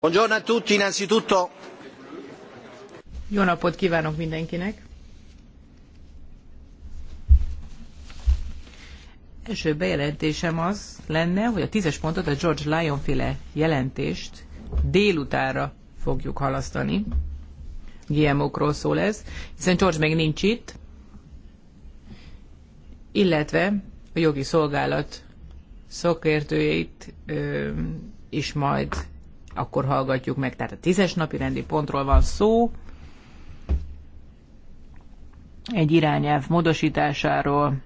a Jó napot kívánok mindenkinek! Első bejelentésem az lenne, hogy a tzes pontot, a George Lyon féle jelentést délutára fogjuk halasztani. GMO-król szól ez, hiszen George még nincs itt, illetve a jogi szolgálat szakértőjét is majd akkor hallgatjuk meg. Tehát a tízes napi rendi pontról van szó, egy irányelv módosításáról,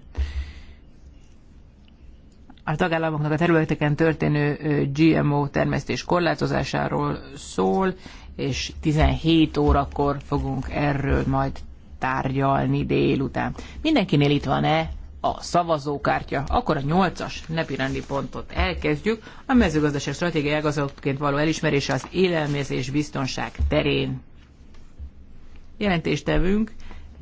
a tagállamoknak a területeken történő GMO termesztés korlátozásáról szól, és 17 órakor fogunk erről majd tárgyalni délután. Mindenkinél itt van-e a szavazókártya, akkor a nyolcas napirendi pontot elkezdjük, a mezőgazdaság stratégiai ágazatként való elismerése az élelmezés biztonság terén. Jelentéstevünk,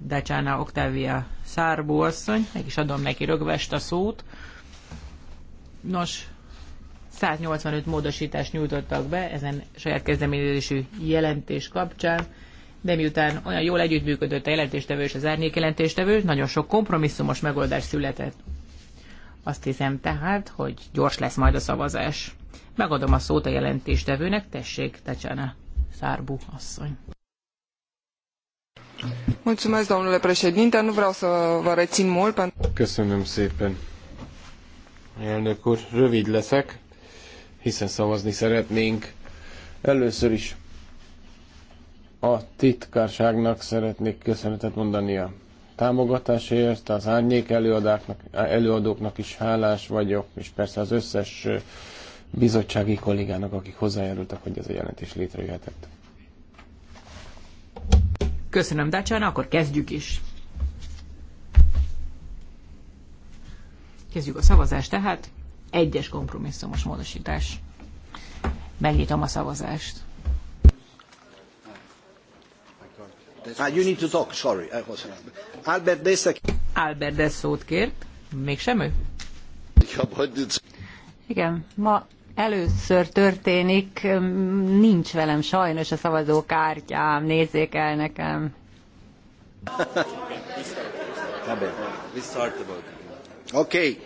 Dacsána Oktávia Szárbó asszony, meg is adom neki rögvest a szót. Nos, 185 módosítást nyújtottak be ezen saját kezdeményezésű jelentés kapcsán de miután olyan jól együttműködött a jelentéstevő és az árnyék jelentéstevő, nagyon sok kompromisszumos megoldás született. Azt hiszem tehát, hogy gyors lesz majd a szavazás. Megadom a szót a jelentéstevőnek, tessék, Tecsene, Szárbu asszony. Mulțumesc, domnule președinte, nu vreau să vă rețin mult. Köszönöm szépen. Elnök úr, rövid leszek, hiszen szavazni szeretnénk. Először is a titkárságnak szeretnék köszönetet mondani a támogatásért, az árnyék előadáknak, előadóknak is hálás vagyok, és persze az összes bizottsági kollégának, akik hozzájárultak, hogy ez a jelentés létrejöhetett. Köszönöm, Dacsán, akkor kezdjük is. Kezdjük a szavazást, tehát egyes kompromisszumos módosítás. Megnyitom a szavazást. Ah, you need to talk, sorry. Albert Dessa... Albert Dessa szót kért. Mégsem ő? Igen, ma először történik, mm, nincs velem sajnos a szavazókártyám, nézzék el nekem. Oké,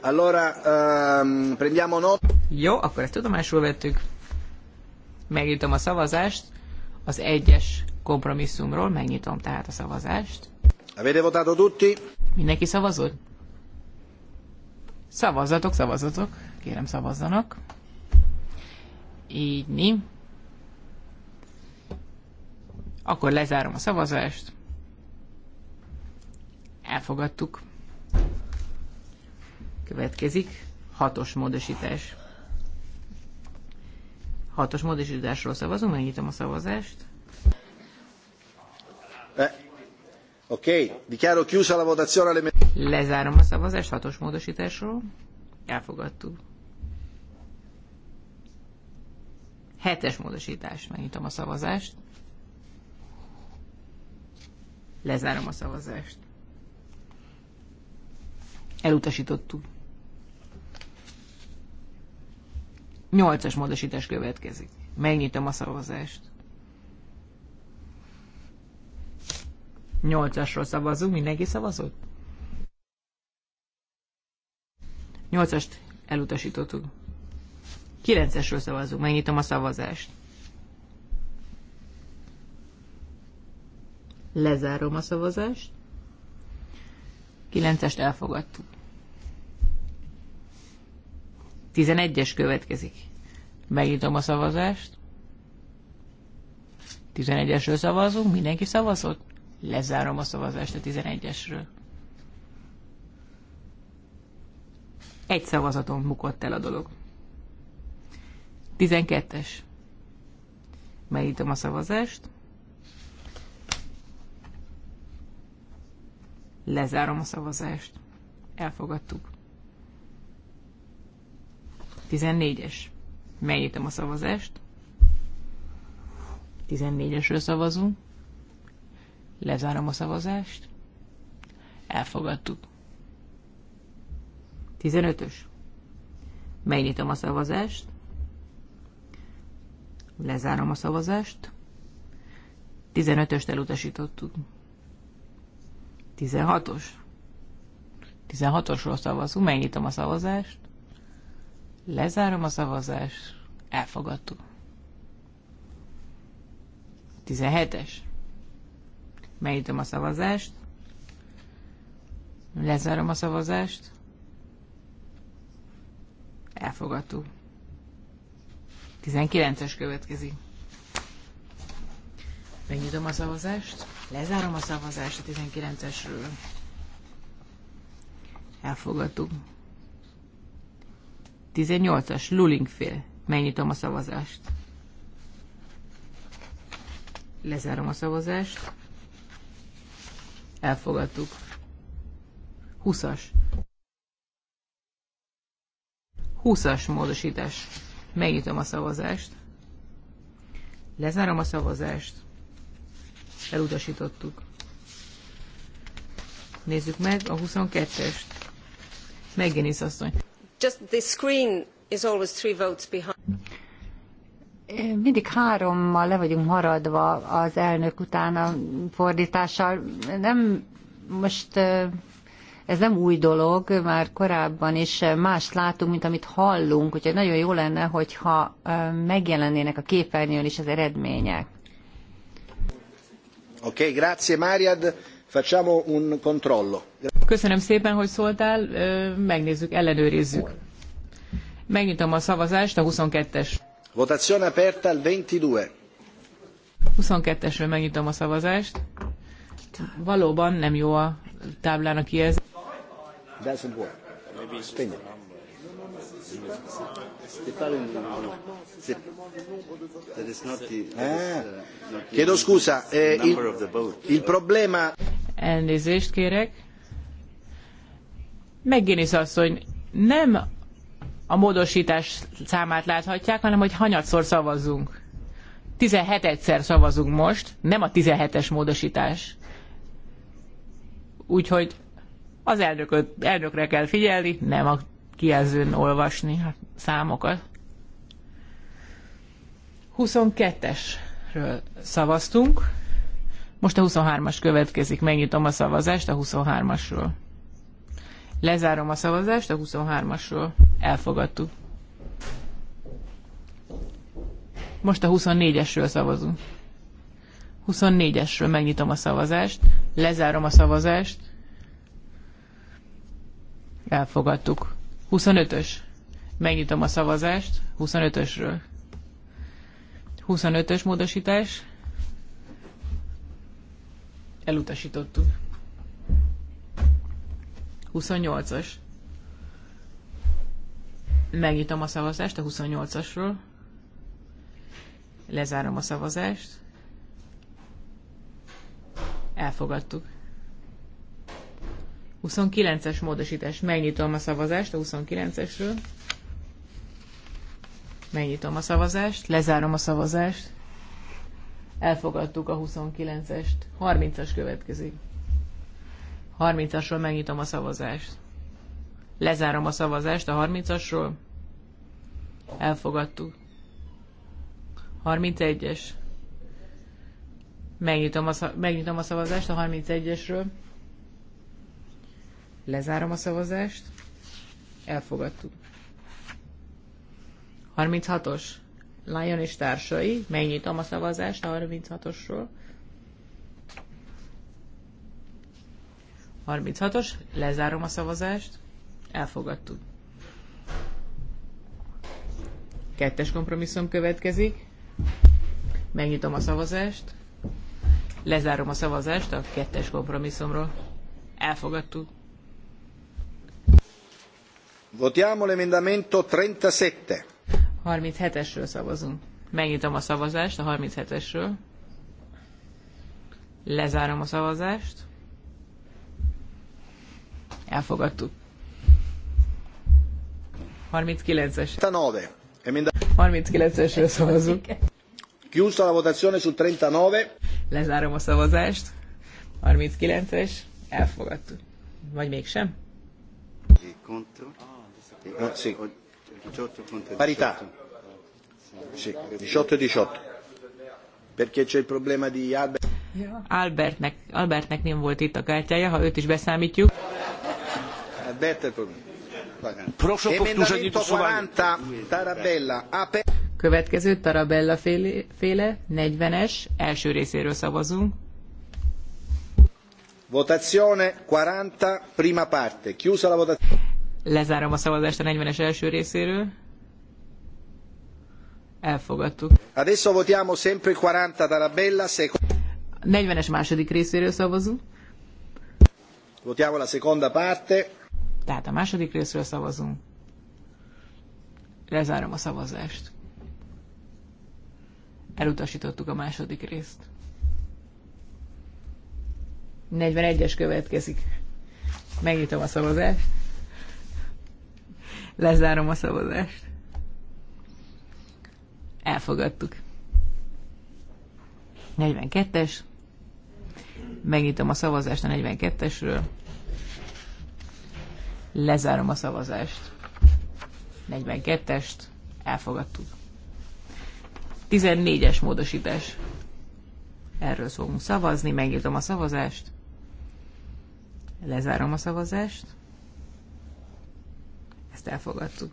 allora ehm, prendiamo nota. Jó, akkor ezt tudomásul vettük. Megnyitom a szavazást az egyes kompromisszumról, megnyitom tehát a szavazást. Avete votato tutti? Mindenki szavazott? Szavazzatok, szavazatok, kérem szavazzanak. Így ni. Akkor lezárom a szavazást. Elfogadtuk. Következik hatos módosítás. Hatos módosításról szavazunk, megnyitom a szavazást. Eh, Lezárom a szavazást hatos módosításról. Elfogadtuk. Hetes módosítás. Megnyitom a szavazást. Lezárom a szavazást. Elutasítottuk. Nyolcas módosítás következik. Megnyitom a szavazást. 8-asról szavazunk. Mindenki szavazott? 8-ast elutasítottuk. 9-esről szavazunk. Megnyitom a szavazást. Lezárom a szavazást. 9-est elfogadtuk. 11-es következik. Megnyitom a szavazást. 11-esről szavazunk, mindenki szavazott? Lezárom a szavazást a 11-esről. Egy szavazaton bukott el a dolog. 12-es. Megítom a szavazást. Lezárom a szavazást. Elfogadtuk. 14-es. Megítom a szavazást. 14-esről szavazunk. Lezárom a szavazást. Elfogadtuk. 15-ös. Megnyitom a szavazást. Lezárom a szavazást. 15-öst elutasítottuk. 16-os. 16-osról szavazunk, megnyitom a szavazást. Lezárom a szavazást. Elfogadtuk. 17-es. Megnyitom a szavazást. Lezárom a szavazást. Elfogadtuk. 19-es következik. Megnyitom a szavazást. Lezárom a szavazást a 19-esről. Elfogadtuk. 18-as, Lulingfél. Megnyitom a szavazást. Lezárom a szavazást elfogadtuk. 20-as. 20-as módosítás. Megnyitom a szavazást. Lezárom a szavazást. Elutasítottuk. Nézzük meg a 22-est. Megjelenik asszony. Just the screen is always three votes behind mindig hárommal le vagyunk maradva az elnök után a fordítással. Nem most ez nem új dolog, már korábban is más látunk, mint amit hallunk, úgyhogy nagyon jó lenne, hogyha megjelennének a képernyőn is az eredmények. Oké, okay, grazie Máriad, facciamo un controllo. Köszönöm szépen, hogy szóltál, megnézzük, ellenőrizzük. Megnyitom a szavazást, a 22-es. Votazione aperta al 22. 22-esről megnyitom a szavazást. Valóban nem jó a táblának ilyen. Doesn't work. Maybe spin it. C'est pas le nombre. C'est... That is not the, that is, ah. uh, Chiedo scusa, eh, il, il problema... Elnézést kérek. Megginis asszony, nem a módosítás számát láthatják, hanem hogy hanyatszor szavazzunk. 17-szer szavazunk most, nem a 17-es módosítás. Úgyhogy az elnököt, elnökre kell figyelni, nem a kijelzőn olvasni a számokat. 22-esről szavaztunk, most a 23-as következik, megnyitom a szavazást a 23-asról. Lezárom a szavazást a 23-asról elfogadtuk. Most a 24-esről szavazunk. 24-esről megnyitom a szavazást, lezárom a szavazást. Elfogadtuk. 25-ös. Megnyitom a szavazást 25-ösről. 25-ös módosítás. Elutasítottuk. 28-as. Megnyitom a szavazást a 28-asról. Lezárom a szavazást. Elfogadtuk. 29-es módosítás. Megnyitom a szavazást a 29-esről. Megnyitom a szavazást, lezárom a szavazást. Elfogadtuk a 29-est. 30-as következik. 30-asról megnyitom a szavazást. Lezárom a szavazást a 30-asról. Elfogadtuk. 31-es. Megnyitom a, megnyitom a szavazást a 31-esről. Lezárom a szavazást. Elfogadtuk. 36-os. Lion és társai. Megnyitom a szavazást a 36-osról. 36-os. Lezárom a szavazást. Elfogadtuk. Kettes kompromisszum következik. Megnyitom a szavazást. Lezárom a szavazást a kettes kompromisszumról. Elfogadtuk. Votiamo l'emendamento 37. 37-esről szavazunk. Megnyitom a szavazást a 37-esről. Lezárom a szavazást. Elfogadtuk. 39-es. 39-esről szavazunk. Chiusa la votazione su 39. Lezárom a szavazást. 39-es. Elfogadtuk. Vagy mégsem? Eh, sì. Parità. Sì, 18-18. E Perché c'è il problema di Albert. Albertnek, Albertnek nem volt itt a kártyája, ha őt is beszámítjuk. Albert il problema. Proszę powtórzenie głosowania. Következő Tarabella féle, 40-es első részéről szavazunk. Votazione 40 prima parte. Chiusa la votazione. Lezárom a szavazást a 40-es első részéről. Elfogadtuk. Adesso votiamo sempre 40 Tarabella. Se... 40-es második részéről szavazunk. Votiamo la seconda parte. Tehát a második részről szavazunk. Lezárom a szavazást. Elutasítottuk a második részt. 41-es következik. Megnyitom a szavazást. Lezárom a szavazást. Elfogadtuk. 42-es. Megnyitom a szavazást a 42-esről. Lezárom a szavazást. 42-est elfogadtuk. 14-es módosítás. Erről fogunk szavazni, megnyitom a szavazást. Lezárom a szavazást. Ezt elfogadtuk.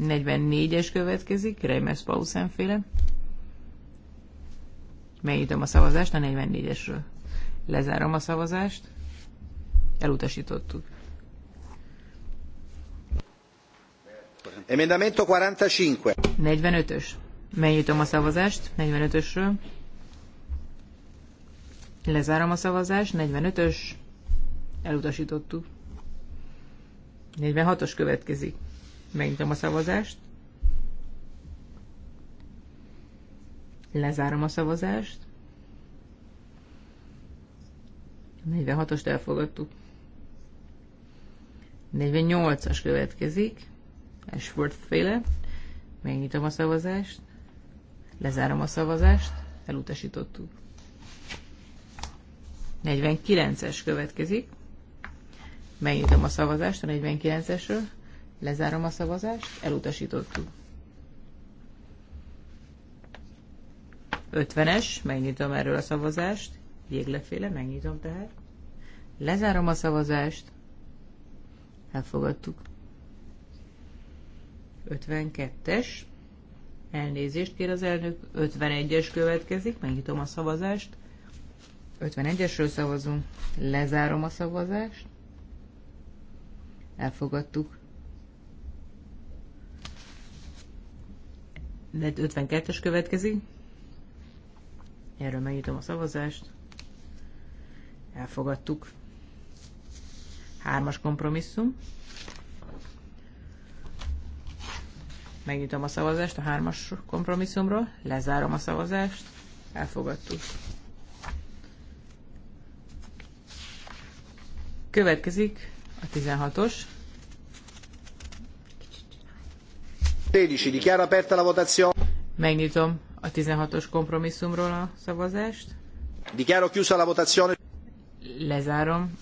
44-es következik, Reimers Pausen féle. Megnyitom a szavazást a 44-esről. Lezárom a szavazást. Elutasítottuk. Emendamento 45. 45-ös. Megnyitom a szavazást 45-ösről. Lezárom a szavazást. 45-ös. Elutasítottuk. 46-os következik. Megnyitom a szavazást. Lezárom a szavazást. 46-ost elfogadtuk. 48-as következik. Ashworth féle. Megnyitom a szavazást. Lezárom a szavazást. Elutasítottuk. 49-es következik. Megnyitom a szavazást a 49-esről. Lezárom a szavazást. Elutasítottuk. 50-es. Megnyitom erről a szavazást. Jégleféle, megnyitom tehát. Lezárom a szavazást. Elfogadtuk. 52-es. Elnézést kér az elnök. 51-es következik. Megnyitom a szavazást. 51-esről szavazunk. Lezárom a szavazást. Elfogadtuk. De 52-es következik. Erről megnyitom a szavazást. Elfogadtuk. Hármas kompromisszum. Megnyitom a szavazást a hármas kompromisszumról, lezárom a szavazást, elfogadtuk. Következik a 16-os. Megnyitom a 16-os kompromisszumról a szavazást. Dichiaro chiusa la votazione. Lezárom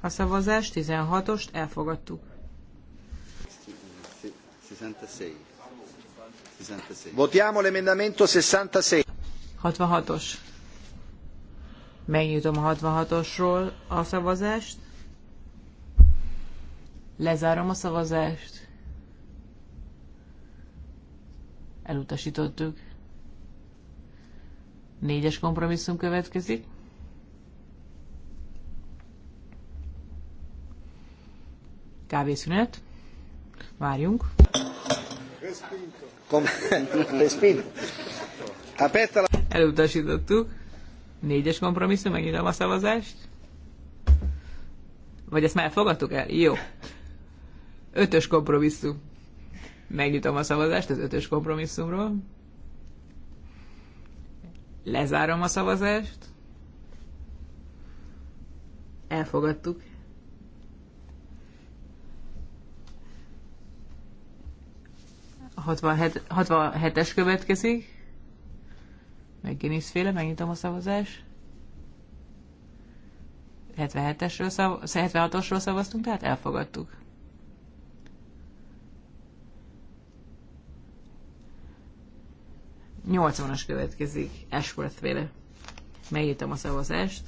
a szavazást, 16-ost elfogadtuk. 66. Votiamo l'emendamento 66. 66-os. Megnyitom a 66-osról a szavazást. Lezárom a szavazást. Elutasítottuk. Négyes kompromisszum következik. kávészünet. Várjunk. Elutasítottuk. Négyes kompromisszum, megnyitom a szavazást. Vagy ezt már fogadtuk el? Jó. Ötös kompromisszum. Megnyitom a szavazást az ötös kompromisszumról. Lezárom a szavazást. Elfogadtuk. 67, 67-es következik. Guinness féle, megnyitom a szavazást. 77-esről szav, 76-osról szavaztunk, tehát elfogadtuk. Nyolcvanas következik, Ashworth véle, Megnyitom a szavazást.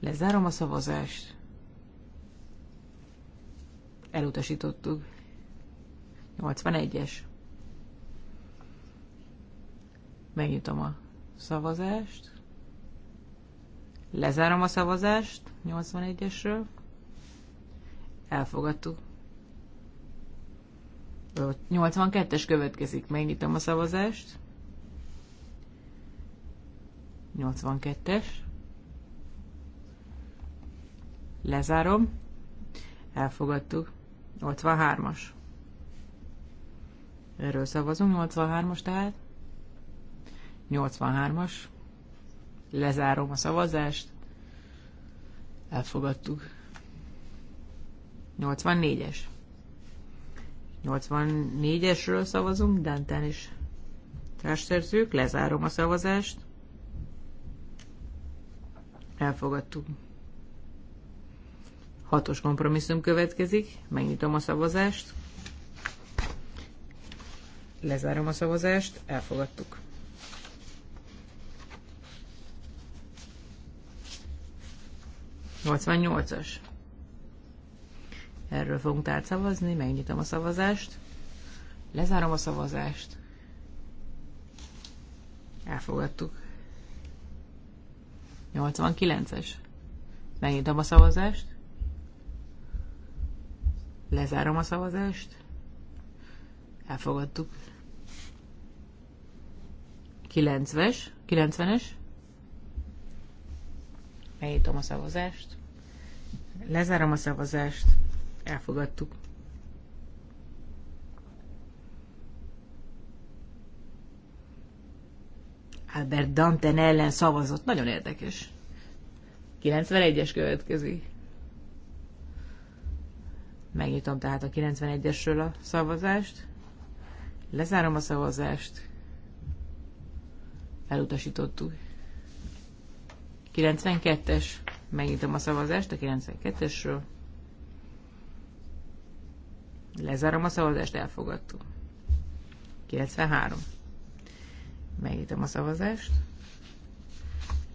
Lezárom a szavazást. Elutasítottuk. 81-es. Megnyitom a szavazást. Lezárom a szavazást 81-esről. Elfogadtuk. 82-es következik. Megnyitom a szavazást. 82-es. Lezárom. Elfogadtuk. 83-as. Erről szavazunk, 83-as tehát. 83-as. Lezárom a szavazást. Elfogadtuk. 84-es. 84-esről szavazunk, Dantán is társszerzők, lezárom a szavazást. Elfogadtuk. Hatos kompromisszum következik, megnyitom a szavazást. Lezárom a szavazást, elfogadtuk. as Erről fogunk tehát szavazni, megnyitom a szavazást. Lezárom a szavazást. Elfogadtuk. 89-es. Megnyitom a szavazást. Lezárom a szavazást. Elfogadtuk. 90-es. 90-es. Megnyitom a szavazást. Lezárom a szavazást. Elfogadtuk. Albert Danten ellen szavazott. Nagyon érdekes. 91-es következik. Megnyitom tehát a 91-esről a szavazást. Lezárom a szavazást. Elutasítottuk. 92-es. Megnyitom a szavazást a 92-esről. Lezárom a szavazást, elfogadtuk. 93. Megnyitom a szavazást.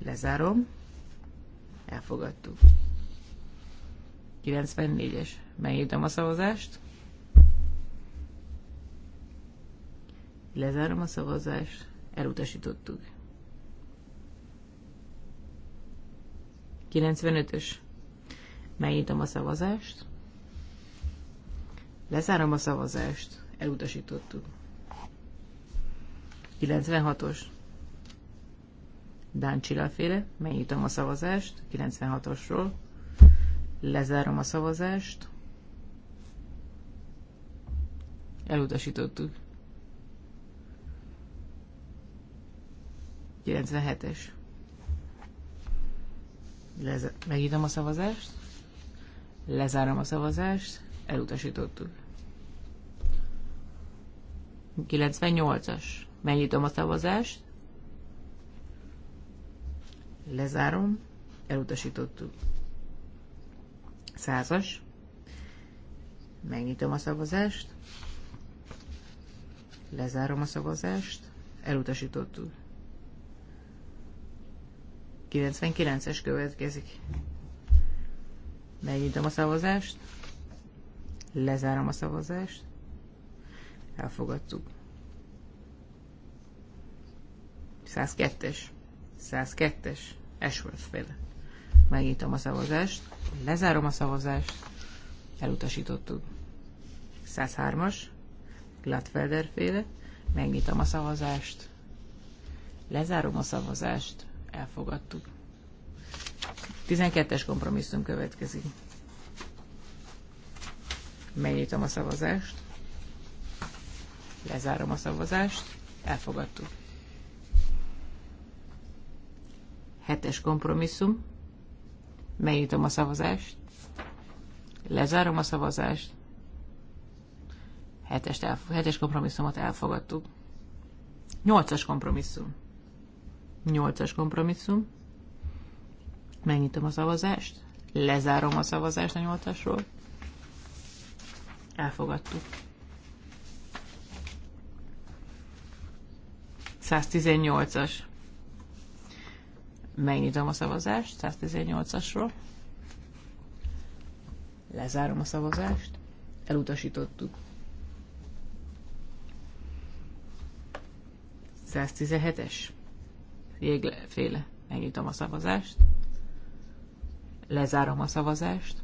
Lezárom. Elfogadtuk. 94-es. Megnyitom a szavazást. Lezárom a szavazást. Elutasítottuk. 95-ös. Megnyitom a szavazást. Lezárom a szavazást. Elutasítottuk. 96-os. Dán Csillaféle. Megnyitom a szavazást. 96-osról. Lezárom a szavazást. Elutasítottuk. 97-es. Lez- a szavazást. Lezárom a szavazást. Elutasítottuk. 98-as. Megnyitom a szavazást. Lezárom. Elutasítottuk. 100-as. Megnyitom a szavazást. Lezárom a szavazást. Elutasítottuk. 99-es következik. Megnyitom a szavazást. Lezárom a szavazást. Elfogadtuk. 102-es. 102-es. Ashworth féle. Megnyitom a szavazást. Lezárom a szavazást. Elutasítottuk. 103-as. Gladfelder féle. Megnyitom a szavazást. Lezárom a szavazást elfogadtuk. 12-es kompromisszum következik. Megnyitom a szavazást. Lezárom a szavazást. Elfogadtuk. Hetes kompromisszum. Megnyitom a szavazást. Lezárom a szavazást. Hetest elf- hetes kompromisszumot elfogadtuk. Nyolcas kompromisszum. Nyolcas kompromisszum. Megnyitom a szavazást. Lezárom a szavazást a nyolcasról. Elfogadtuk. 118-as. Megnyitom a szavazást 118-asról. Lezárom a szavazást. Elutasítottuk. 117-es végleféle. Megnyitom a szavazást. Lezárom a szavazást.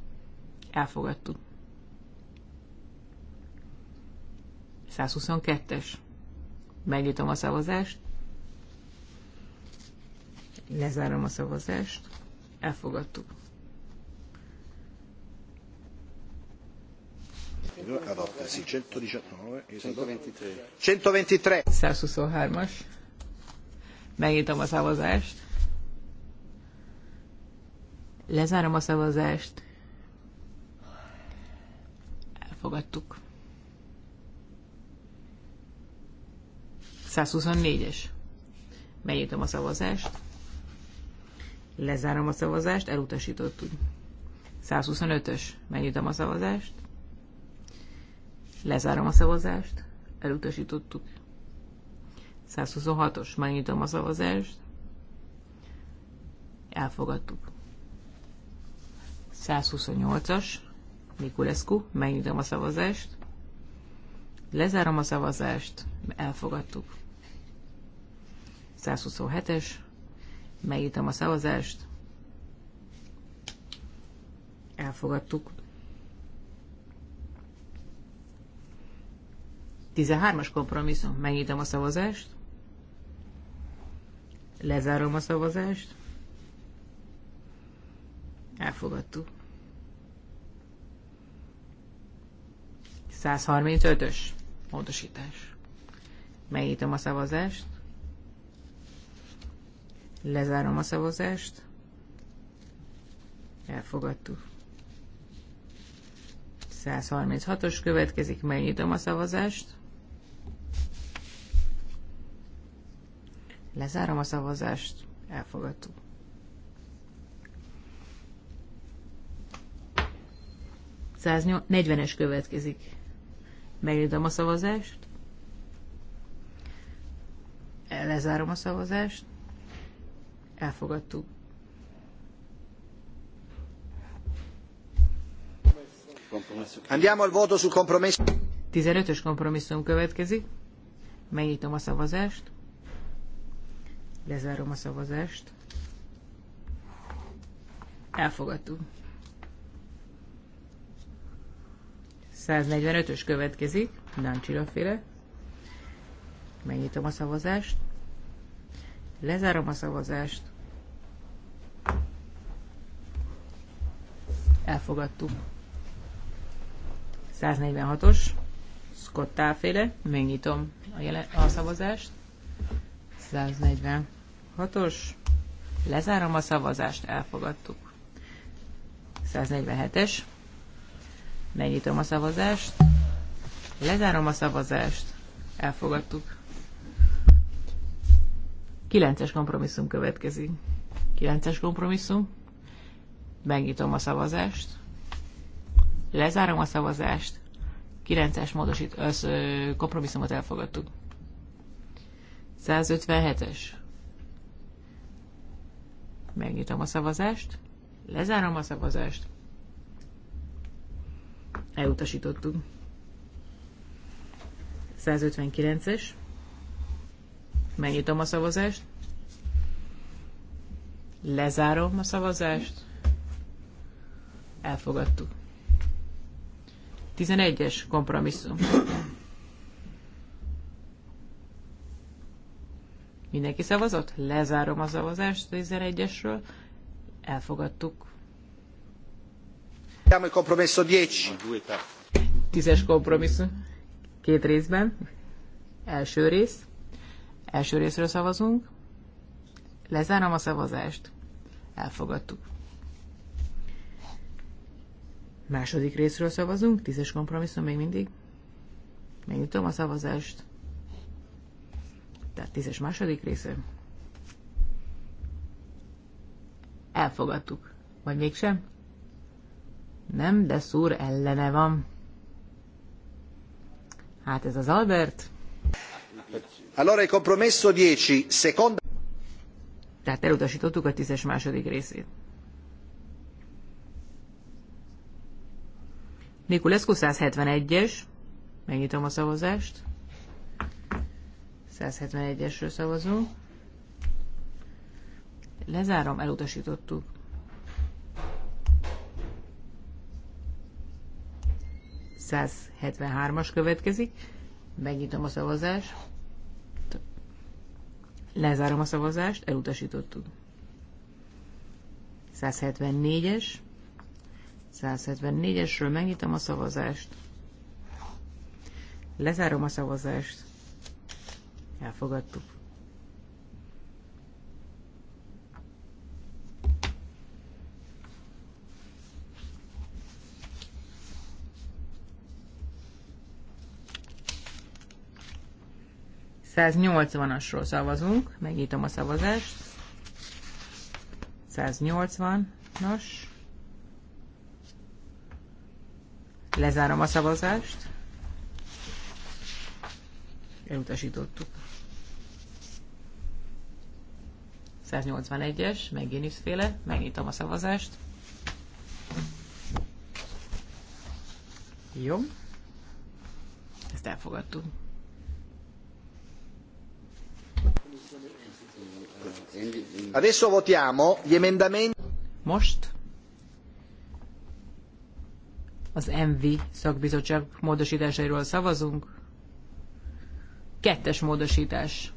Elfogadtuk. 122-es. Megnyitom a szavazást. Lezárom a szavazást. Elfogadtuk. Adott, 119 123. 123. 123-as. Megnyitom a szavazást. Lezárom a szavazást. Elfogadtuk. 124-es. Megnyitom a szavazást. Lezárom a szavazást, elutasítottuk. 125-ös. Megnyitom a szavazást. Lezárom a szavazást, elutasítottuk. 126-os, már nyitom a szavazást. Elfogadtuk. 128-as, Mikulescu, megnyitom a szavazást. Lezárom a szavazást, elfogadtuk. 127-es, megnyitom a szavazást. Elfogadtuk. 13-as kompromisszum, megnyitom a szavazást. Lezárom a szavazást. Elfogadtuk. 135-ös módosítás. Megnyitom a szavazást. Lezárom a szavazást. Elfogadtuk. 136-os következik, megnyitom a szavazást. Lezárom a szavazást, elfogadtuk. es következik. Megnyitom a szavazást. Lezárom a szavazást. Elfogadtuk. Andiamo al voto sul compromesso. 15-ös kompromisszum következik. Megnyitom a szavazást. Lezárom a szavazást. Elfogadtuk. 145-ös következik, Nancsira féle. Megnyitom a szavazást. Lezárom a szavazást. Elfogadtuk. 146-os, Scott féle. Megnyitom a, jele- a szavazást. 140. 146-os. Lezárom a szavazást, elfogadtuk. 147-es. Megnyitom a szavazást. Lezárom a szavazást. Elfogadtuk. 9-es kompromisszum következik. 9-es kompromisszum. Megnyitom a szavazást. Lezárom a szavazást. 9-es módosít, össz, kompromisszumot elfogadtuk. 157-es. Megnyitom a szavazást. Lezárom a szavazást. Elutasítottuk. 159-es. Megnyitom a szavazást. Lezárom a szavazást. Elfogadtuk. 11-es kompromisszum. Mindenki szavazott? Lezárom a szavazást 11-esről. Elfogadtuk. Siamo il compromesso 10. Tízes kompromisszum. Két részben. Első rész. Első részről szavazunk. Lezárom a szavazást. Elfogadtuk. Második részről szavazunk. Tízes kompromisszum még mindig. Megnyitom a szavazást tehát tízes második része. Elfogadtuk. Vagy mégsem? Nem, de szúr ellene van. Hát ez az Albert. Allora il compromesso 10, seconda... Tehát elutasítottuk a tízes második részét. Nikulescu 171-es. Megnyitom a szavazást. 171-esről szavazunk. Lezárom, elutasítottuk. as következik. Megnyitom a szavazást. Lezárom a szavazást, elutasítottuk. 174-es. 174-esről megnyitom a szavazást. Lezárom a szavazást. Elfogadtuk. Száznyolcvanasról szavazunk, megnyitom a szavazást. 180-as. Lezárom a szavazást. Elutasítottuk. 181-es, meg féle, megnyitom a szavazást. Jó. Ezt elfogadtuk. Adesso votiamo gli emendamenti. Most az MV szakbizottság módosításairól szavazunk. Kettes módosítás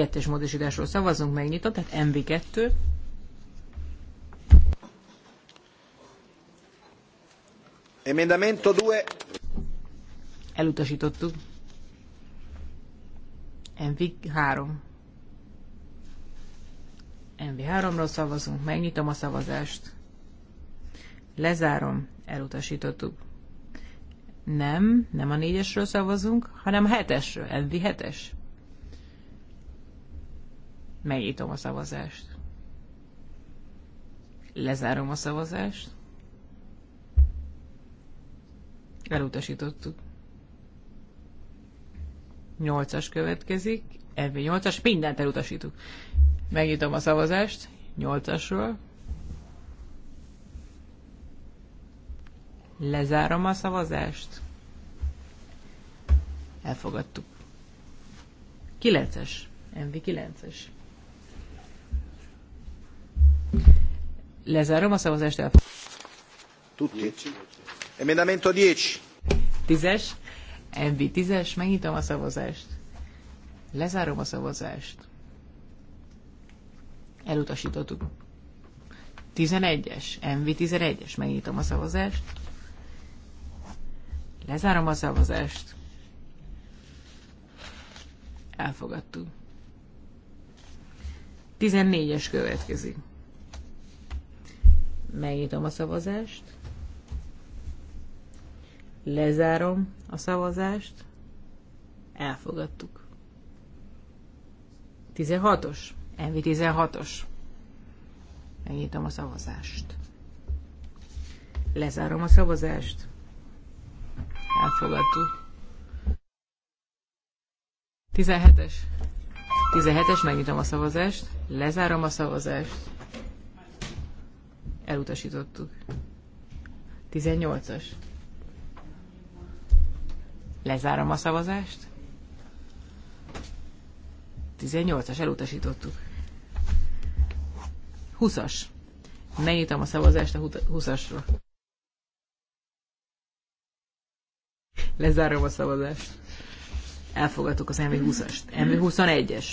kettes módosításról szavazunk, megnyitott, tehát MV2. Emendamento 2. Elutasítottuk. MV3. MV3-ról szavazunk, megnyitom a szavazást. Lezárom, elutasítottuk. Nem, nem a négyesről szavazunk, hanem a hetesről, MV7-es. Megnyitom a szavazást. Lezárom a szavazást. Elutasítottuk. 8-as következik. MV8-as, mindent elutasítunk. Megnyitom a szavazást. 8-asról. Lezárom a szavazást. Elfogadtuk. 9-es. MV9-es. Lezárom a szavazást el. Tutti. Emendamento 10. Tízes. MB tízes. Megnyitom a szavazást. Lezárom a szavazást. Elutasítottuk. 11-es. MV 11-es. Megnyitom a szavazást. Lezárom a szavazást. Elfogadtuk. 14-es következik. Megnyitom a szavazást. Lezárom a szavazást. Elfogadtuk. 16-os. Envi 16-os. Megnyitom a szavazást. Lezárom a szavazást. Elfogadtuk. 17-es. 17-es, megnyitom a szavazást. Lezárom a szavazást. Elutasítottuk. 18-as. Lezárom a szavazást. 18-as, elutasítottuk. 20-as. Ne nyitom a szavazást a 20-asról. Lezárom a szavazást. Elfogadtuk az MV20-ast. MV21-es.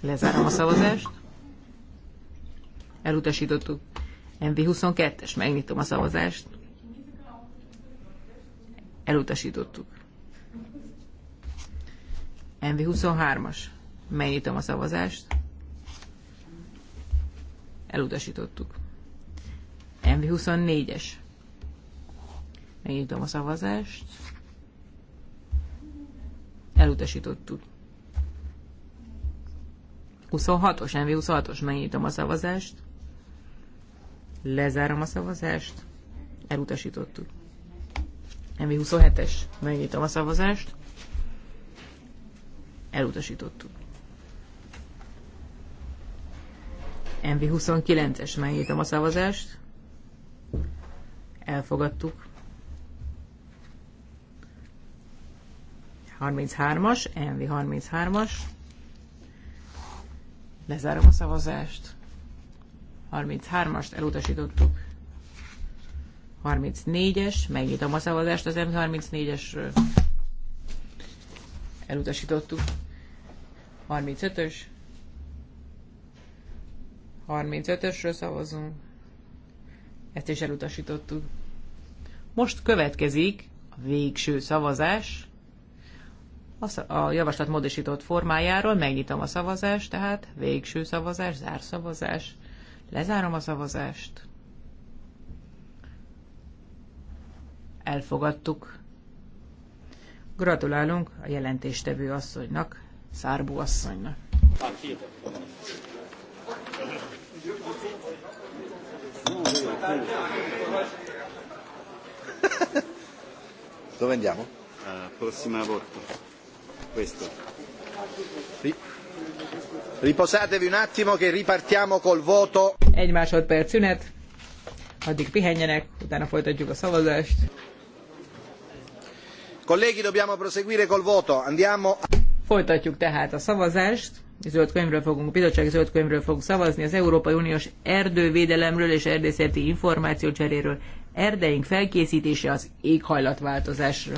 Lezárom a szavazást elutasítottuk. MV22-es, megnyitom a szavazást. Elutasítottuk. MV23-as, megnyitom a szavazást. Elutasítottuk. MV24-es, megnyitom a szavazást. Elutasítottuk. 26-os, MV26-os, megnyitom a szavazást Lezárom a szavazást. Elutasítottuk. MV27-es. Megnyitom a szavazást. Elutasítottuk. MV29-es. Megnyitom a szavazást. Elfogadtuk. 33-as, MV33-as. Lezárom a szavazást. 33-ast elutasítottuk. 34-es, megnyitom a szavazást az M34-esről. Elutasítottuk. 35-ös. 35-ösről szavazunk. Ezt is elutasítottuk. Most következik a végső szavazás. A javaslat módosított formájáról megnyitom a szavazást, tehát végső szavazás, zárszavazás. Lezárom a szavazást. Elfogadtuk. Gratulálunk a jelentéstevő asszonynak, Szárbú asszonynak. Dove andiamo? Uh, prossima volta. Questo. Sì. Riposatevi un attimo che ripartiamo col voto. Egy másodperc szünet, addig pihenjenek, utána folytatjuk a szavazást. Colleghi, dobbiamo proseguire col voto. Andiamo. Folytatjuk tehát a szavazást. Zöld könyvről fogunk, bizottsági zöld könyvről fogunk szavazni az Európai Uniós erdővédelemről és erdészeti információcseréről. Erdeink felkészítése az éghajlatváltozásra.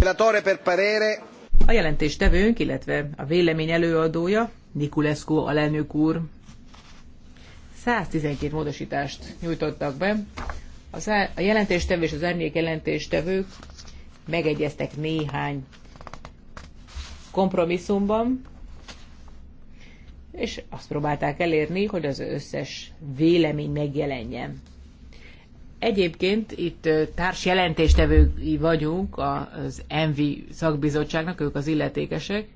Relatore per parere a jelentéstevőnk, illetve a vélemény előadója, Nikulescu alelnök úr, 112 módosítást nyújtottak be. a jelentéstevő és az árnyék jelentéstevők megegyeztek néhány kompromisszumban, és azt próbálták elérni, hogy az összes vélemény megjelenjen. Egyébként itt társ jelentéstevői vagyunk az ENVI szakbizottságnak, ők az illetékesek,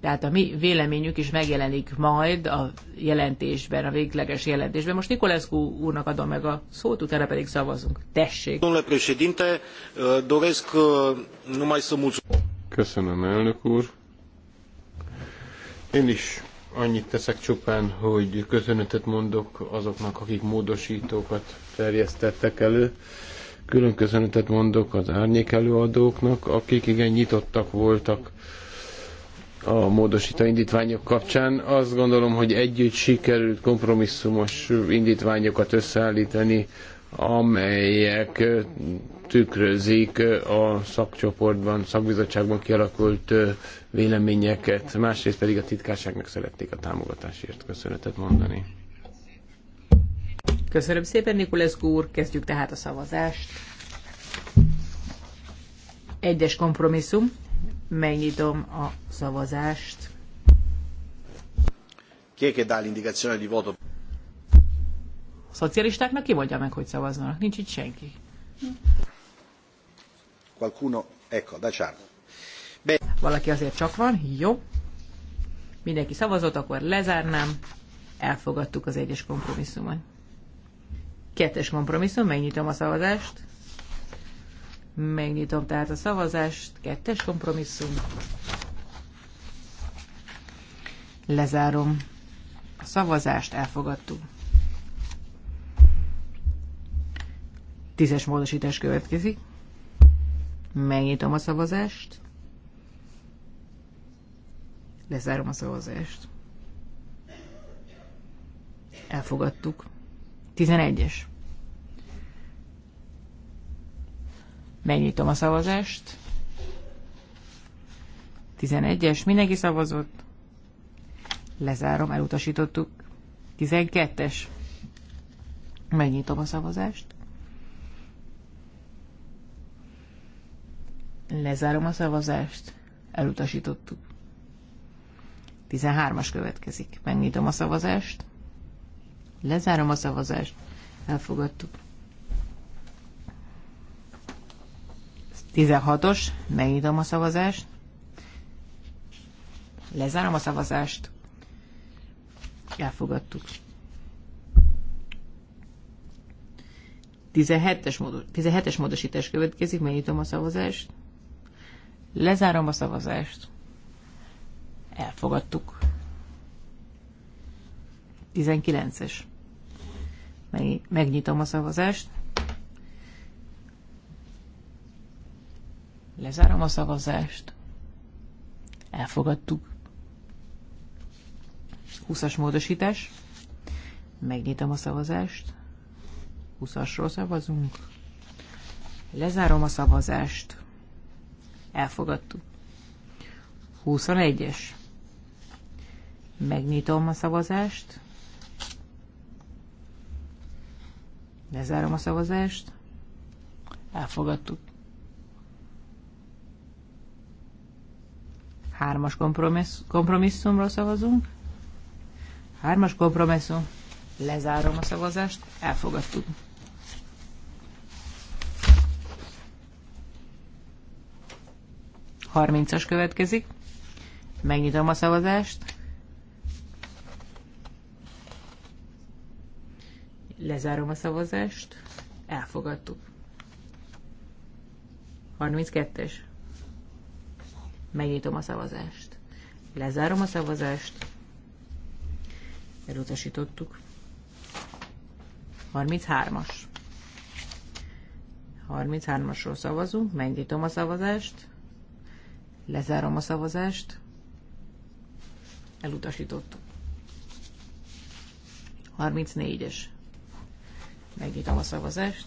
tehát a mi véleményük is megjelenik majd a jelentésben, a végleges jelentésben. Most Nikolescu úrnak adom meg a szót, utána pedig szavazunk. Tessék! Köszönöm, elnök úr. Én is Annyit teszek csupán, hogy köszönetet mondok azoknak, akik módosítókat terjesztettek elő. Külön köszönetet mondok az árnyék előadóknak, akik igen nyitottak voltak a módosító indítványok kapcsán. Azt gondolom, hogy együtt sikerült kompromisszumos indítványokat összeállítani, amelyek tükrözik a szakcsoportban, szakbizottságban kialakult véleményeket, másrészt pedig a titkárságnak szerették a támogatásért köszönetet mondani. Köszönöm szépen, Nikulescu úr, kezdjük tehát a szavazást. Egyes kompromisszum, megnyitom a szavazást. Kéke dál indicazione hogy szocialistáknak ki mondja meg, hogy szavazzanak? Nincs itt senki. Qualcuno, ecco, da Valaki azért csak van, jó. Mindenki szavazott, akkor lezárnám. Elfogadtuk az egyes kompromisszumot. Kettes kompromisszum, megnyitom a szavazást. Megnyitom tehát a szavazást, kettes kompromisszum. Lezárom. A szavazást elfogadtuk. Tízes módosítás következik. Megnyitom a szavazást. Lezárom a szavazást. Elfogadtuk. 11-es. Megnyitom a szavazást. 11-es. Mindenki szavazott. Lezárom, elutasítottuk. 12-es. Megnyitom a szavazást. Lezárom a szavazást. Elutasítottuk. 13-as következik. Megnyitom a szavazást. Lezárom a szavazást. Elfogadtuk. 16-os. Megnyitom a szavazást. Lezárom a szavazást. Elfogadtuk. 17-es, módos, 17-es módosítás következik. Megnyitom a szavazást. Lezárom a szavazást. Elfogadtuk. 19-es. Megnyitom a szavazást. Lezárom a szavazást. Elfogadtuk. 20-as módosítás. Megnyitom a szavazást. 20-asról szavazunk. Lezárom a szavazást. Elfogadtuk. 21-es. Megnyitom a szavazást. Lezárom a szavazást. Elfogadtuk. Hármas kompromissz, kompromisszumról szavazunk. Hármas kompromisszum. Lezárom a szavazást. Elfogadtuk. 30-as következik. Megnyitom a szavazást. Lezárom a szavazást. Elfogadtuk. 32-es. Megnyitom a szavazást. Lezárom a szavazást. Elutasítottuk. 33-as. 33-asról szavazunk, megnyitom a szavazást. Lezárom a szavazást. Elutasítottuk. 34-es. Megnyitom a szavazást.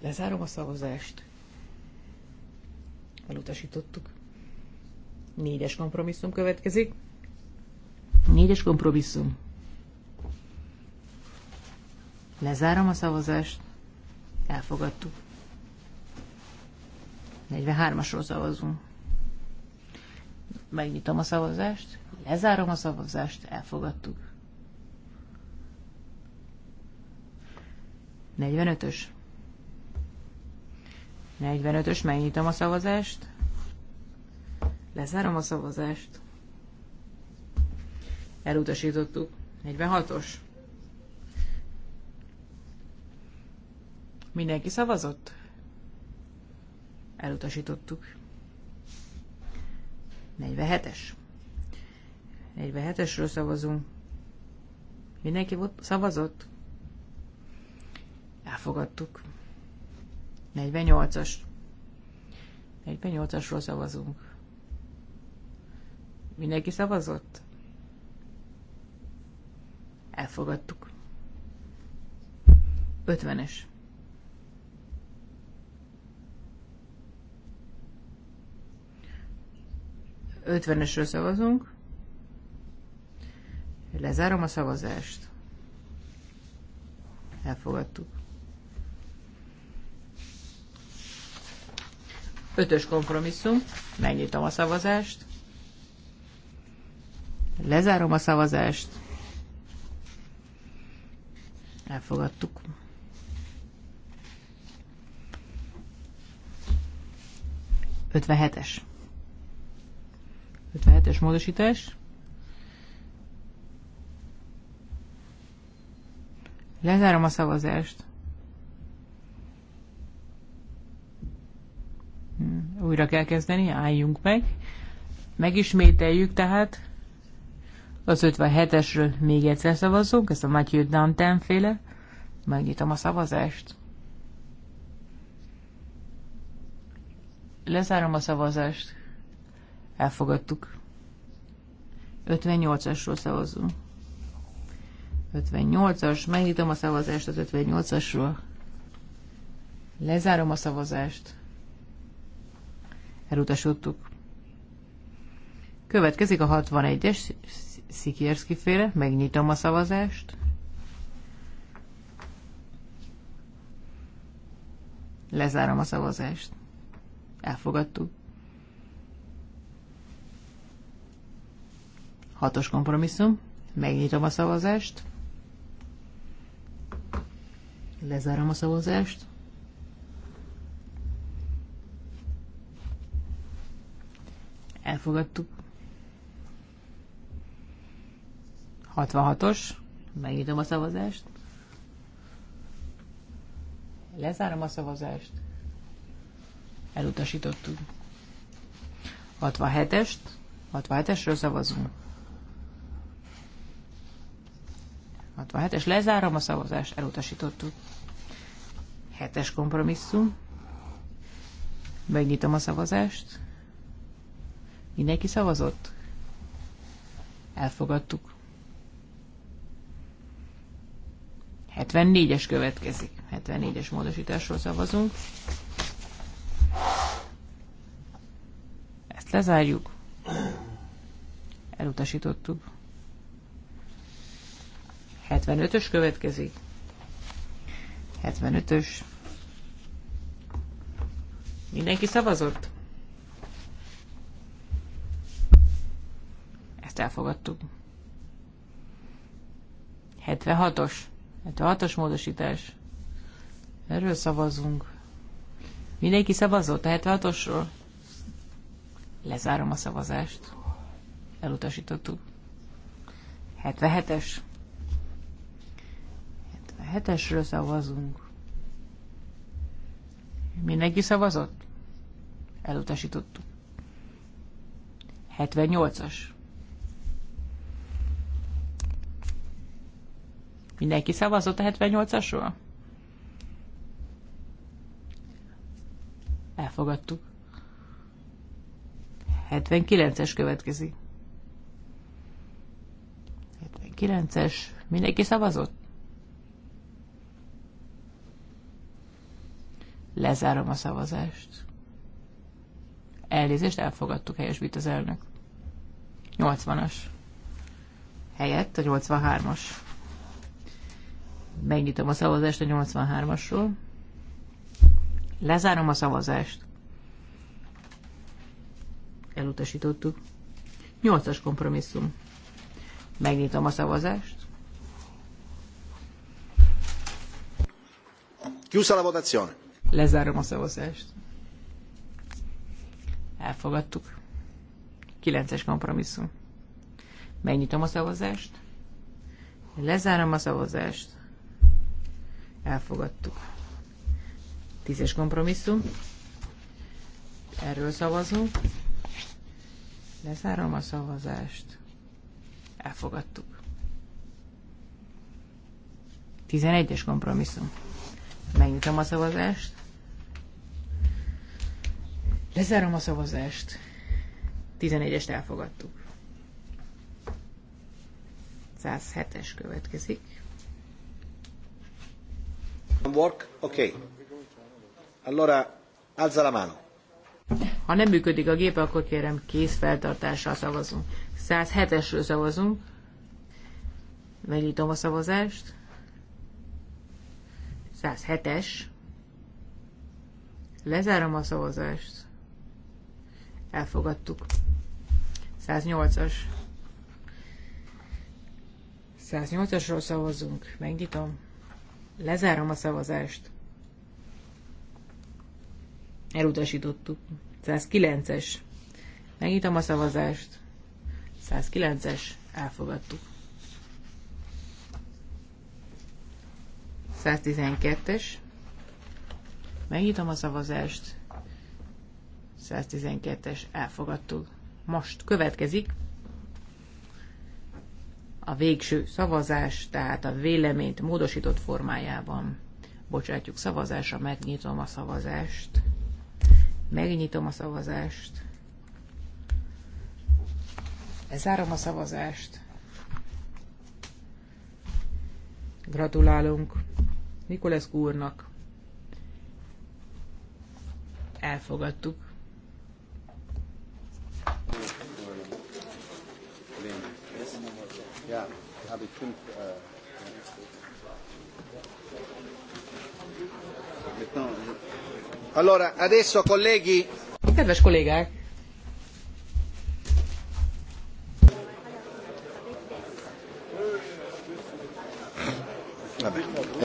Lezárom a szavazást. Elutasítottuk. Négyes kompromisszum következik. Négyes kompromisszum. Lezárom a szavazást. Elfogadtuk. 43-asról szavazunk. Megnyitom a szavazást, lezárom a szavazást, elfogadtuk. 45-ös. 45-ös, megnyitom a szavazást. Lezárom a szavazást. Elutasítottuk. 46-os. Mindenki szavazott? Elutasítottuk. 47-es. 47-esről szavazunk. Mindenki volt, szavazott? Elfogadtuk. 48-as. 48-asról szavazunk. Mindenki szavazott? Elfogadtuk. 50-es. 50-esről szavazunk. Lezárom a szavazást. Elfogadtuk. Ötös kompromisszum. Megnyitom a szavazást. Lezárom a szavazást. Elfogadtuk. Ötvenhetes. 57-es módosítás. Lezárom a szavazást. Hmm, újra kell kezdeni, álljunk meg. Megismételjük tehát. Az 57-esről még egyszer szavazunk, ez a Matthew Danten féle. Megnyitom a szavazást. Lezárom a szavazást. Elfogadtuk. 58-asról szavazunk. 58-as, megnyitom a szavazást az 58-asról. Lezárom a szavazást. Elutasodtuk. Következik a 61-es Szikierszki féle, megnyitom a szavazást. Lezárom a szavazást. Elfogadtuk. Hatos kompromisszum. Megnyitom a szavazást. Lezárom a szavazást. Elfogadtuk. 66-os. Megnyitom a szavazást. Lezárom a szavazást. Elutasítottuk. 67-est. 67-esről szavazunk. 67-es lezárom a szavazást, elutasítottuk. 7-es kompromisszum. Megnyitom a szavazást. Mindenki szavazott? Elfogadtuk. 74-es következik. 74-es módosításról szavazunk. Ezt lezárjuk. Elutasítottuk. 75-ös következik. 75-ös. Mindenki szavazott? Ezt elfogadtuk. 76-os. 76-os módosítás. Erről szavazunk. Mindenki szavazott a 76-osról? Lezárom a szavazást. Elutasítottuk. 77-es hetesről szavazunk. Mindenki szavazott? Elutasítottuk. 78-as. Mindenki szavazott a 78-asról? Elfogadtuk. 79-es következik. 79-es. Mindenki szavazott? Lezárom a szavazást. Elnézést, elfogadtuk, helyesbít az elnök. 80-as. Helyett a 83-as. Megnyitom a szavazást a 83-asról. Lezárom a szavazást. Elutasítottuk. 8-as kompromisszum. Megnyitom a szavazást. Chiusa la votazione. Lezárom a szavazást. Elfogadtuk. 9-es kompromisszum. Megnyitom a szavazást. Lezárom a szavazást. Elfogadtuk. 10-es kompromisszum. Erről szavazunk. Lezárom a szavazást. Elfogadtuk. 11-es kompromisszum. Megnyitom a szavazást. Lezárom a szavazást. 11-est elfogadtuk. 107-es következik. Work? Okay. Allora, alza la mano. Ha nem működik a gép, akkor kérem kész feltartással szavazunk. 107-esről szavazunk. Megnyitom a szavazást. 107-es. Lezárom a szavazást elfogadtuk. 108-as. 108-asról szavazzunk. Megnyitom. Lezárom a szavazást. Elutasítottuk. 109-es. Megnyitom a szavazást. 109-es. Elfogadtuk. 112-es. Megnyitom a szavazást. 112-es elfogadtuk. Most következik a végső szavazás, tehát a véleményt módosított formájában bocsátjuk szavazásra, megnyitom a szavazást. Megnyitom a szavazást. ezárom a szavazást. Gratulálunk Nikolesz úrnak. Elfogadtuk. Äh, allora, adesso colleghi. Kedves kollégák! Vabbè.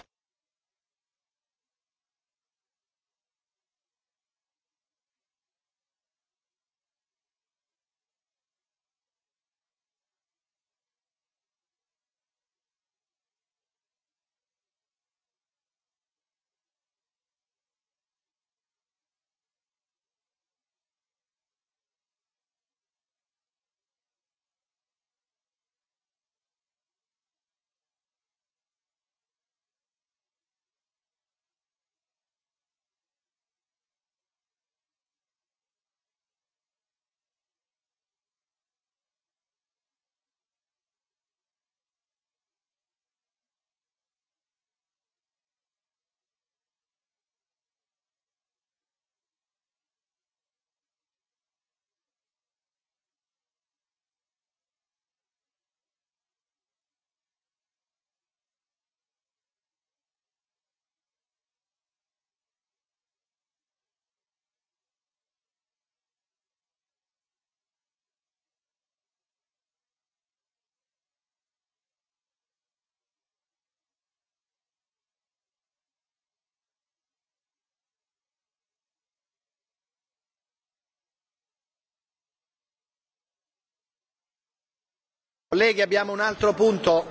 Colleghi, abbiamo un altro punto.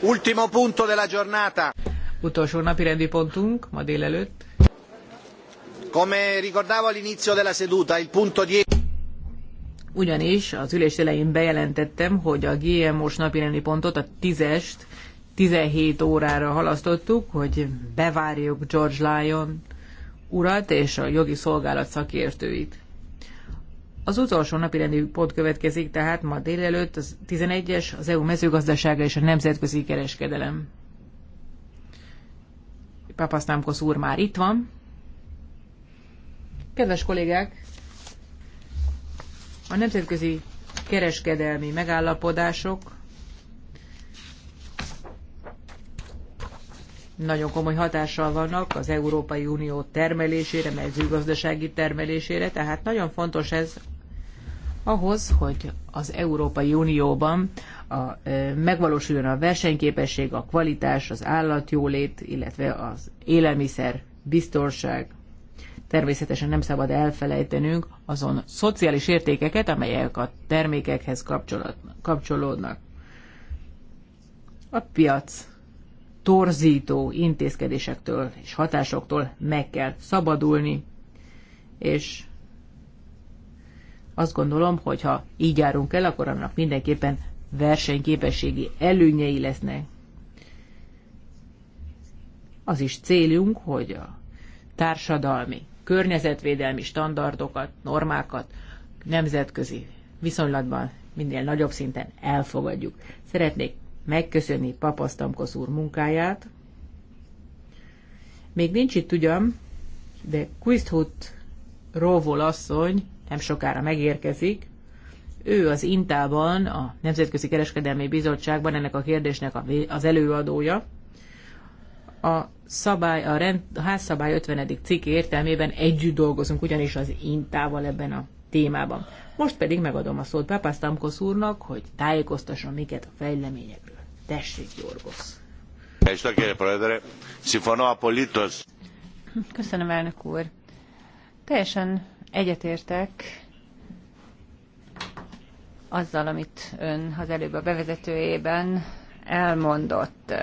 Ultimo punto della giornata. Utolsó napirendi pontunk ma délelőtt. Come ricordavo all'inizio della seduta, il punto 10. Ugyanis az ülés elején bejelentettem, hogy a GMO-s napirendi pontot, a tízest, 17 órára halasztottuk, hogy bevárjuk George Lyon urat és a jogi szolgálat szakértőit. Az utolsó napi rendi pont következik, tehát ma délelőtt az 11-es, az EU mezőgazdasága és a nemzetközi kereskedelem. Papasztámkosz úr már itt van. Kedves kollégák, a nemzetközi kereskedelmi megállapodások nagyon komoly hatással vannak az Európai Unió termelésére, mezőgazdasági termelésére, tehát nagyon fontos ez ahhoz, hogy az Európai Unióban a, megvalósuljon a versenyképesség, a kvalitás, az állatjólét, illetve az élelmiszer biztonság. Természetesen nem szabad elfelejtenünk azon szociális értékeket, amelyek a termékekhez kapcsolódnak. A piac torzító intézkedésektől és hatásoktól meg kell szabadulni, és azt gondolom, hogy ha így járunk el, akkor annak mindenképpen versenyképességi előnyei lesznek. Az is célunk, hogy a társadalmi, környezetvédelmi standardokat, normákat nemzetközi viszonylatban minél nagyobb szinten elfogadjuk. Szeretnék megköszönni Papasztamkosz úr munkáját. Még nincs itt ugyan, de Quisthut Róvol asszony nem sokára megérkezik. Ő az Intában, a Nemzetközi Kereskedelmi Bizottságban ennek a kérdésnek az előadója. A, szabály, a, rend, a házszabály 50. cikk értelmében együtt dolgozunk, ugyanis az Intával ebben a témában. Most pedig megadom a szót Papasztamkosz úrnak, hogy tájékoztasson minket a fejleményekről. Tessék, Jorgosz! Köszönöm, elnök úr! Teljesen Egyetértek azzal, amit ön az előbb a bevezetőjében elmondott.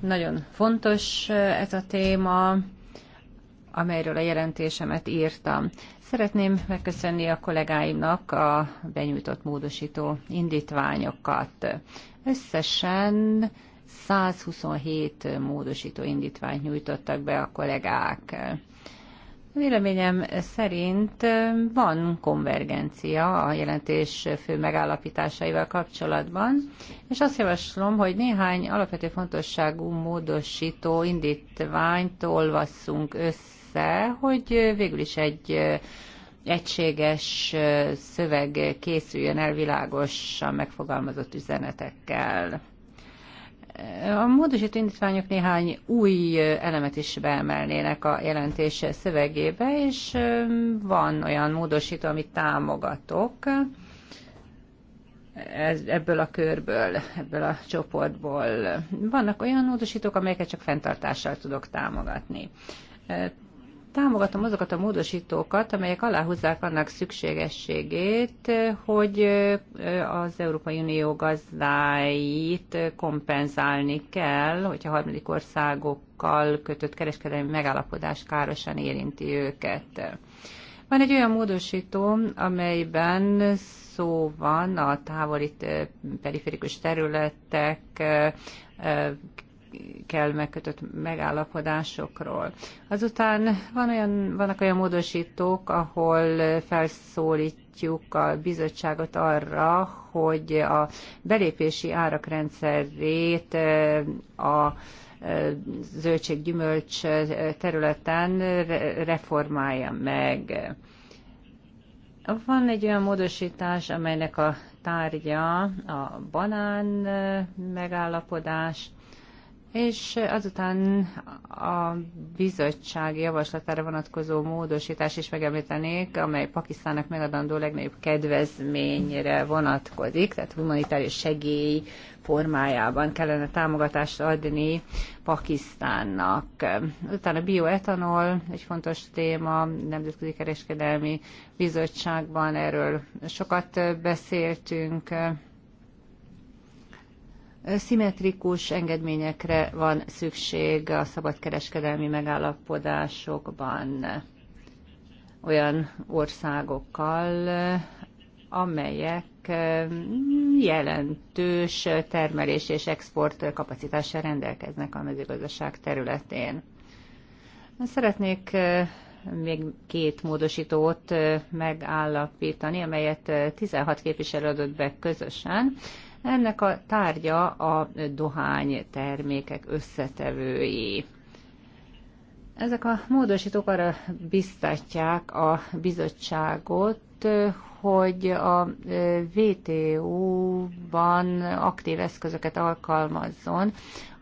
Nagyon fontos eh, ez a téma, amelyről a jelentésemet írtam. Szeretném megköszönni a kollégáimnak a benyújtott módosító indítványokat. Összesen 127 módosító indítványt nyújtottak be a kollégák. Véleményem szerint van konvergencia a jelentés fő megállapításaival kapcsolatban, és azt javaslom, hogy néhány alapvető fontosságú módosító indítványt olvasszunk össze, hogy végül is egy egységes szöveg készüljön el világosan megfogalmazott üzenetekkel. A módosító indítványok néhány új elemet is beemelnének a jelentés szövegébe, és van olyan módosító, amit támogatok ez, ebből a körből, ebből a csoportból. Vannak olyan módosítók, amelyeket csak fenntartással tudok támogatni támogatom azokat a módosítókat, amelyek aláhúzzák annak szükségességét, hogy az Európai Unió gazdáit kompenzálni kell, hogyha harmadik országokkal kötött kereskedelmi megállapodás károsan érinti őket. Van egy olyan módosító, amelyben szó van a távoli periférikus területek kell megkötött megállapodásokról. Azután van olyan, vannak olyan módosítók, ahol felszólítjuk a bizottságot arra, hogy a belépési árak rendszerét e, a e, zöldséggyümölcs e, területen reformálja meg. Van egy olyan módosítás, amelynek a tárgya a banán megállapodás, és azután a bizottság javaslatára vonatkozó módosítás is megemlítenék, amely Pakisztánnak megadandó legnagyobb kedvezményre vonatkozik, tehát humanitárius segély formájában kellene támogatást adni Pakisztánnak. Utána a bioetanol, egy fontos téma, Nemzetközi Kereskedelmi Bizottságban erről sokat beszéltünk, Szimmetrikus engedményekre van szükség a szabadkereskedelmi megállapodásokban olyan országokkal, amelyek mm, jelentős termelés és export kapacitással rendelkeznek a mezőgazdaság területén. Szeretnék még két módosítót megállapítani, amelyet 16 képviselő adott be közösen. Ennek a tárgya a dohány termékek összetevői. Ezek a módosítók arra biztatják a bizottságot, hogy a WTO-ban aktív eszközöket alkalmazzon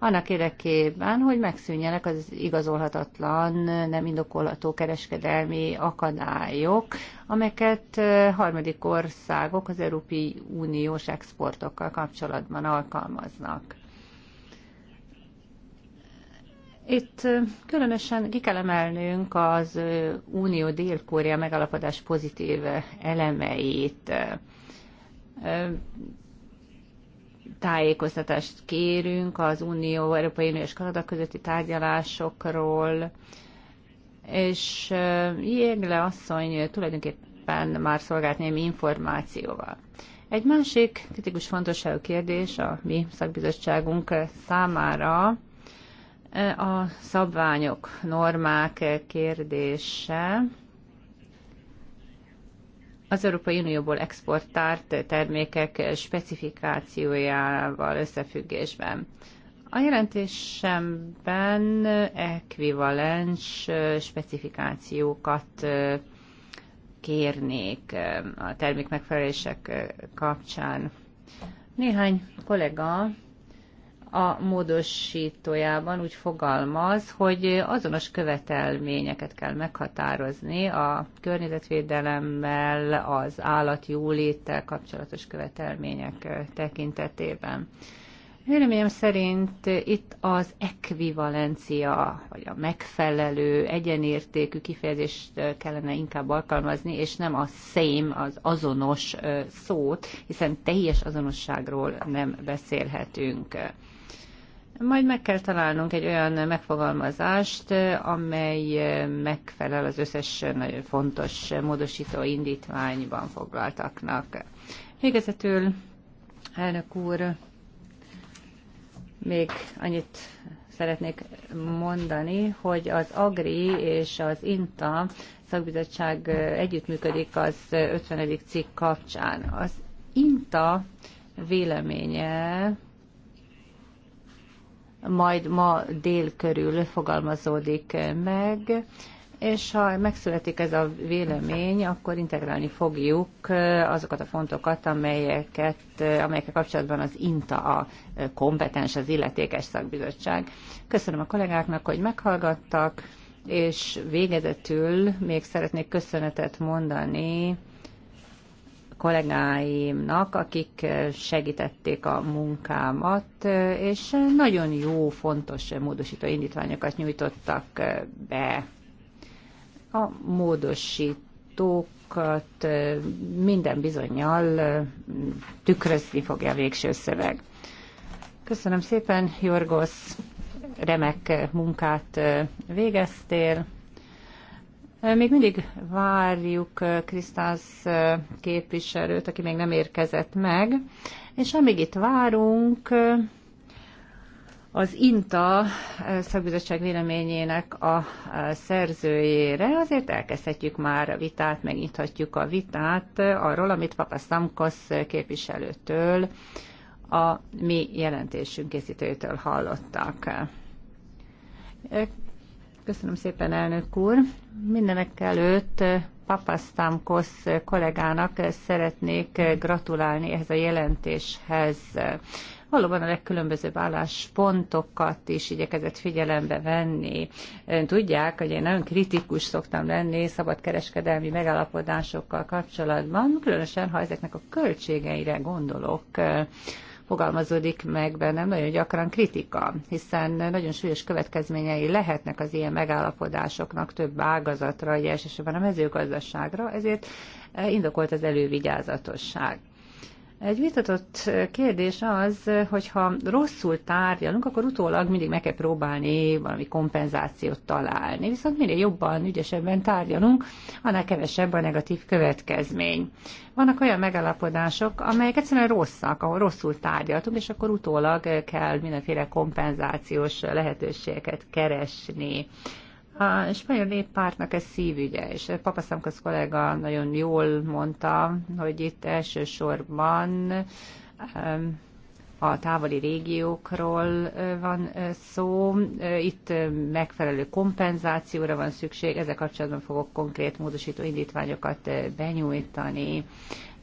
annak érdekében, hogy megszűnjenek az igazolhatatlan, nem indokolható kereskedelmi akadályok, amelyeket harmadik országok az Európai Uniós exportokkal kapcsolatban alkalmaznak. Itt különösen ki kell emelnünk az Unió dél kórea megalapodás pozitív elemeit tájékoztatást kérünk az Unió, Európai Unió és Kanada közötti tárgyalásokról, és Jégle asszony tulajdonképpen már szolgált némi információval. Egy másik kritikus fontosságú kérdés a mi szakbizottságunk számára a szabványok, normák kérdése az Európai Unióból exportált termékek specifikációjával összefüggésben. A jelentésemben ekvivalens specifikációkat eh, kérnék eh, a termék megfelelések eh, kapcsán. Néhány kollega a módosítójában úgy fogalmaz, hogy azonos követelményeket kell meghatározni a környezetvédelemmel, az állatjóléttel kapcsolatos követelmények tekintetében. Véleményem szerint itt az ekvivalencia, vagy a megfelelő, egyenértékű kifejezést kellene inkább alkalmazni, és nem a same, az azonos szót, hiszen teljes azonosságról nem beszélhetünk. Majd meg kell találnunk egy olyan megfogalmazást, amely megfelel az összes nagyon fontos módosító indítványban foglaltaknak. Végezetül, elnök úr, még annyit szeretnék mondani, hogy az AGRI és az INTA szakbizottság együttműködik az 50. cikk kapcsán. Az INTA véleménye majd ma dél körül fogalmazódik meg, és ha megszületik ez a vélemény, akkor integrálni fogjuk azokat a fontokat, amelyeket, amelyekkel kapcsolatban az INTA a kompetens, az illetékes szakbizottság. Köszönöm a kollégáknak, hogy meghallgattak, és végezetül még szeretnék köszönetet mondani kollégáimnak, akik segítették a munkámat, és nagyon jó, fontos módosító indítványokat nyújtottak be. A módosítókat minden bizonyal tükrözni fogja a végső szöveg. Köszönöm szépen, Jorgosz, remek munkát végeztél. Még mindig várjuk eh, Krisztász eh, képviselőt, aki még nem érkezett meg, és amíg itt várunk, eh, az INTA szakbizottság véleményének a szerzőjére, azért elkezdhetjük már a vitát, megnyithatjuk a vitát arról, amit Papa Szamkosz képviselőtől, a mi jelentésünk készítőjétől hallottak. Köszönöm szépen, elnök úr. Mindenek előtt eh, Papasztámkosz kollégának eh, szeretnék eh, gratulálni ehhez a jelentéshez. Valóban a legkülönbözőbb álláspontokat is igyekezett figyelembe venni. Ön tudják, hogy én nagyon kritikus szoktam lenni szabadkereskedelmi megállapodásokkal kapcsolatban, különösen, ha ezeknek a költségeire gondolok fogalmazódik meg bennem nagyon gyakran kritika, hiszen nagyon súlyos következményei lehetnek az ilyen megállapodásoknak több ágazatra, vagy elsősorban a mezőgazdaságra, ezért indokolt az elővigyázatosság. Egy vitatott kérdés az, hogyha rosszul tárgyalunk, akkor utólag mindig meg kell próbálni valami kompenzációt találni. Viszont minél jobban, ügyesebben tárgyalunk, annál kevesebb a negatív következmény. Vannak olyan megállapodások, amelyek egyszerűen rosszak, ahol rosszul tárgyaltunk, és akkor utólag kell mindenféle kompenzációs lehetőségeket keresni. A spanyol néppártnak ez szívügye, és Papasztamkosz kollega nagyon jól mondta, hogy itt elsősorban a távoli régiókról van szó. Itt megfelelő kompenzációra van szükség, ezzel kapcsolatban fogok konkrét módosító indítványokat benyújtani.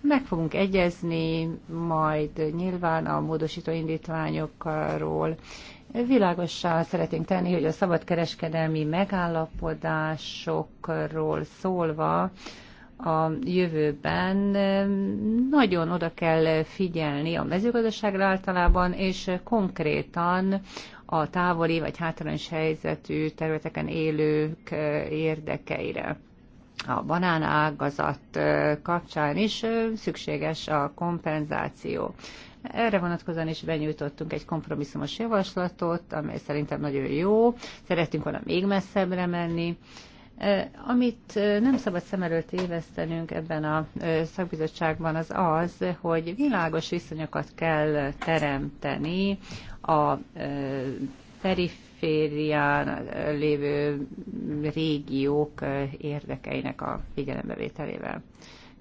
Meg fogunk egyezni majd nyilván a módosító indítványokról, Világossá szeretnénk tenni, hogy a szabadkereskedelmi megállapodásokról szólva a jövőben nagyon oda kell figyelni a mezőgazdaságra általában, és konkrétan a távoli vagy hátrányos helyzetű területeken élők eh, érdekeire. A banánágazat eh, kapcsán is eh, szükséges a kompenzáció. Erre vonatkozóan is benyújtottunk egy kompromisszumos javaslatot, amely szerintem nagyon jó. Szerettünk volna még messzebbre menni. Amit nem szabad szem előtt évesztenünk ebben a szakbizottságban az az, hogy világos viszonyokat kell teremteni a periférián lévő régiók érdekeinek a figyelembevételével.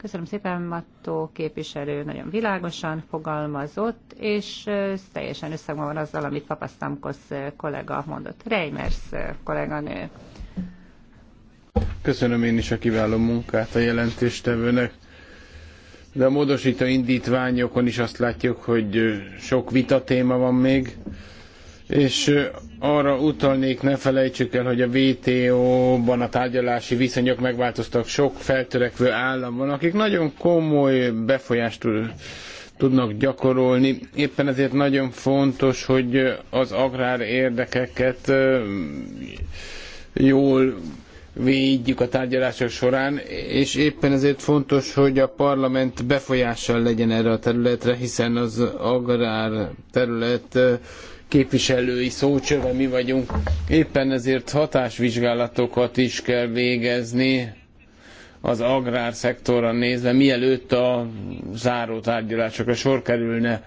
Köszönöm szépen, Mattó képviselő nagyon világosan fogalmazott, és teljesen összegben van azzal, amit papasztamkos kollega mondott. Reimers kolléganő. Köszönöm én is a kiváló munkát a jelentéstevőnek. De a módosító indítványokon is azt látjuk, hogy sok vita téma van még és arra utalnék, ne felejtsük el, hogy a WTO-ban a tárgyalási viszonyok megváltoztak, sok feltörekvő állam van, akik nagyon komoly befolyást tudnak gyakorolni. Éppen ezért nagyon fontos, hogy az agrár érdekeket jól védjük a tárgyalások során, és éppen ezért fontos, hogy a parlament befolyással legyen erre a területre, hiszen az agrár terület képviselői szócsöve mi vagyunk. Éppen ezért hatásvizsgálatokat is kell végezni az agrárszektorra nézve, mielőtt a záró tárgyalásokra sor kerülne.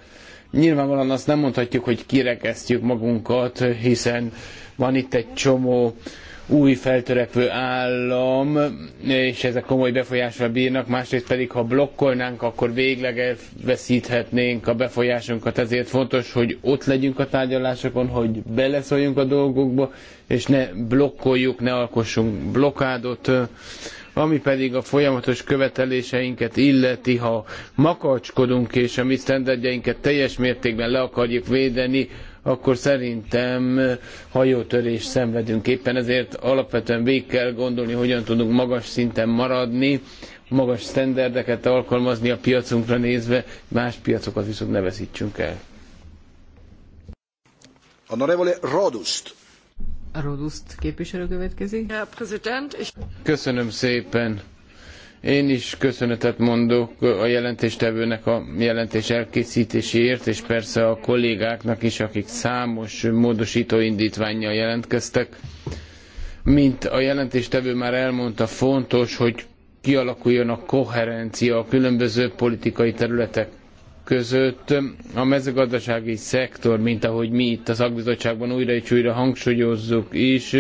Nyilvánvalóan azt nem mondhatjuk, hogy kirekesztjük magunkat, hiszen van itt egy csomó új feltörekvő állam, és ezek komoly befolyásra bírnak, másrészt pedig, ha blokkolnánk, akkor végleg elveszíthetnénk a befolyásunkat, ezért fontos, hogy ott legyünk a tárgyalásokon, hogy beleszóljunk a dolgokba, és ne blokkoljuk, ne alkossunk blokádot, ami pedig a folyamatos követeléseinket illeti, ha makacskodunk és a mi sztenderdjeinket teljes mértékben le akarjuk védeni, akkor szerintem hajótörés szenvedünk éppen, ezért alapvetően végig kell gondolni, hogyan tudunk magas szinten maradni, magas sztenderdeket alkalmazni a piacunkra nézve, más piacokat viszont ne veszítsünk el. Honorevole Rodust. Rodust képviselő következik. Köszönöm szépen. Én is köszönetet mondok a jelentéstevőnek a jelentés elkészítéséért, és persze a kollégáknak is, akik számos módosító indítványjal jelentkeztek. Mint a jelentéstevő már elmondta, fontos, hogy kialakuljon a koherencia a különböző politikai területek között. A mezőgazdasági szektor, mint ahogy mi itt a szakbizottságban újra és újra hangsúlyozzuk is,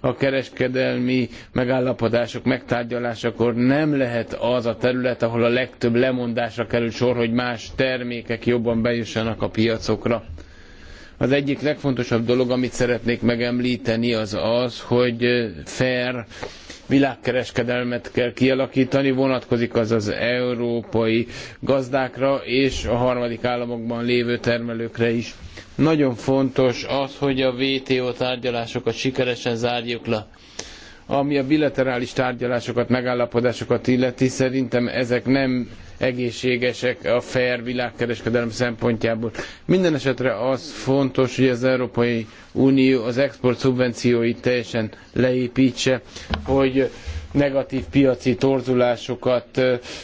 a kereskedelmi megállapodások megtárgyalásakor nem lehet az a terület, ahol a legtöbb lemondásra kerül sor, hogy más termékek jobban bejussanak a piacokra. Az egyik legfontosabb dolog, amit szeretnék megemlíteni, az az, hogy fair világkereskedelmet kell kialakítani, vonatkozik az az európai gazdákra és a harmadik államokban lévő termelőkre is. Nagyon fontos az, hogy a WTO tárgyalásokat sikeresen zárjuk le ami a bilaterális tárgyalásokat, megállapodásokat illeti, szerintem ezek nem egészségesek a fair világkereskedelem szempontjából. Minden esetre az fontos, hogy az Európai Unió az export szubvencióit teljesen leépítse, hogy negatív piaci torzulásokat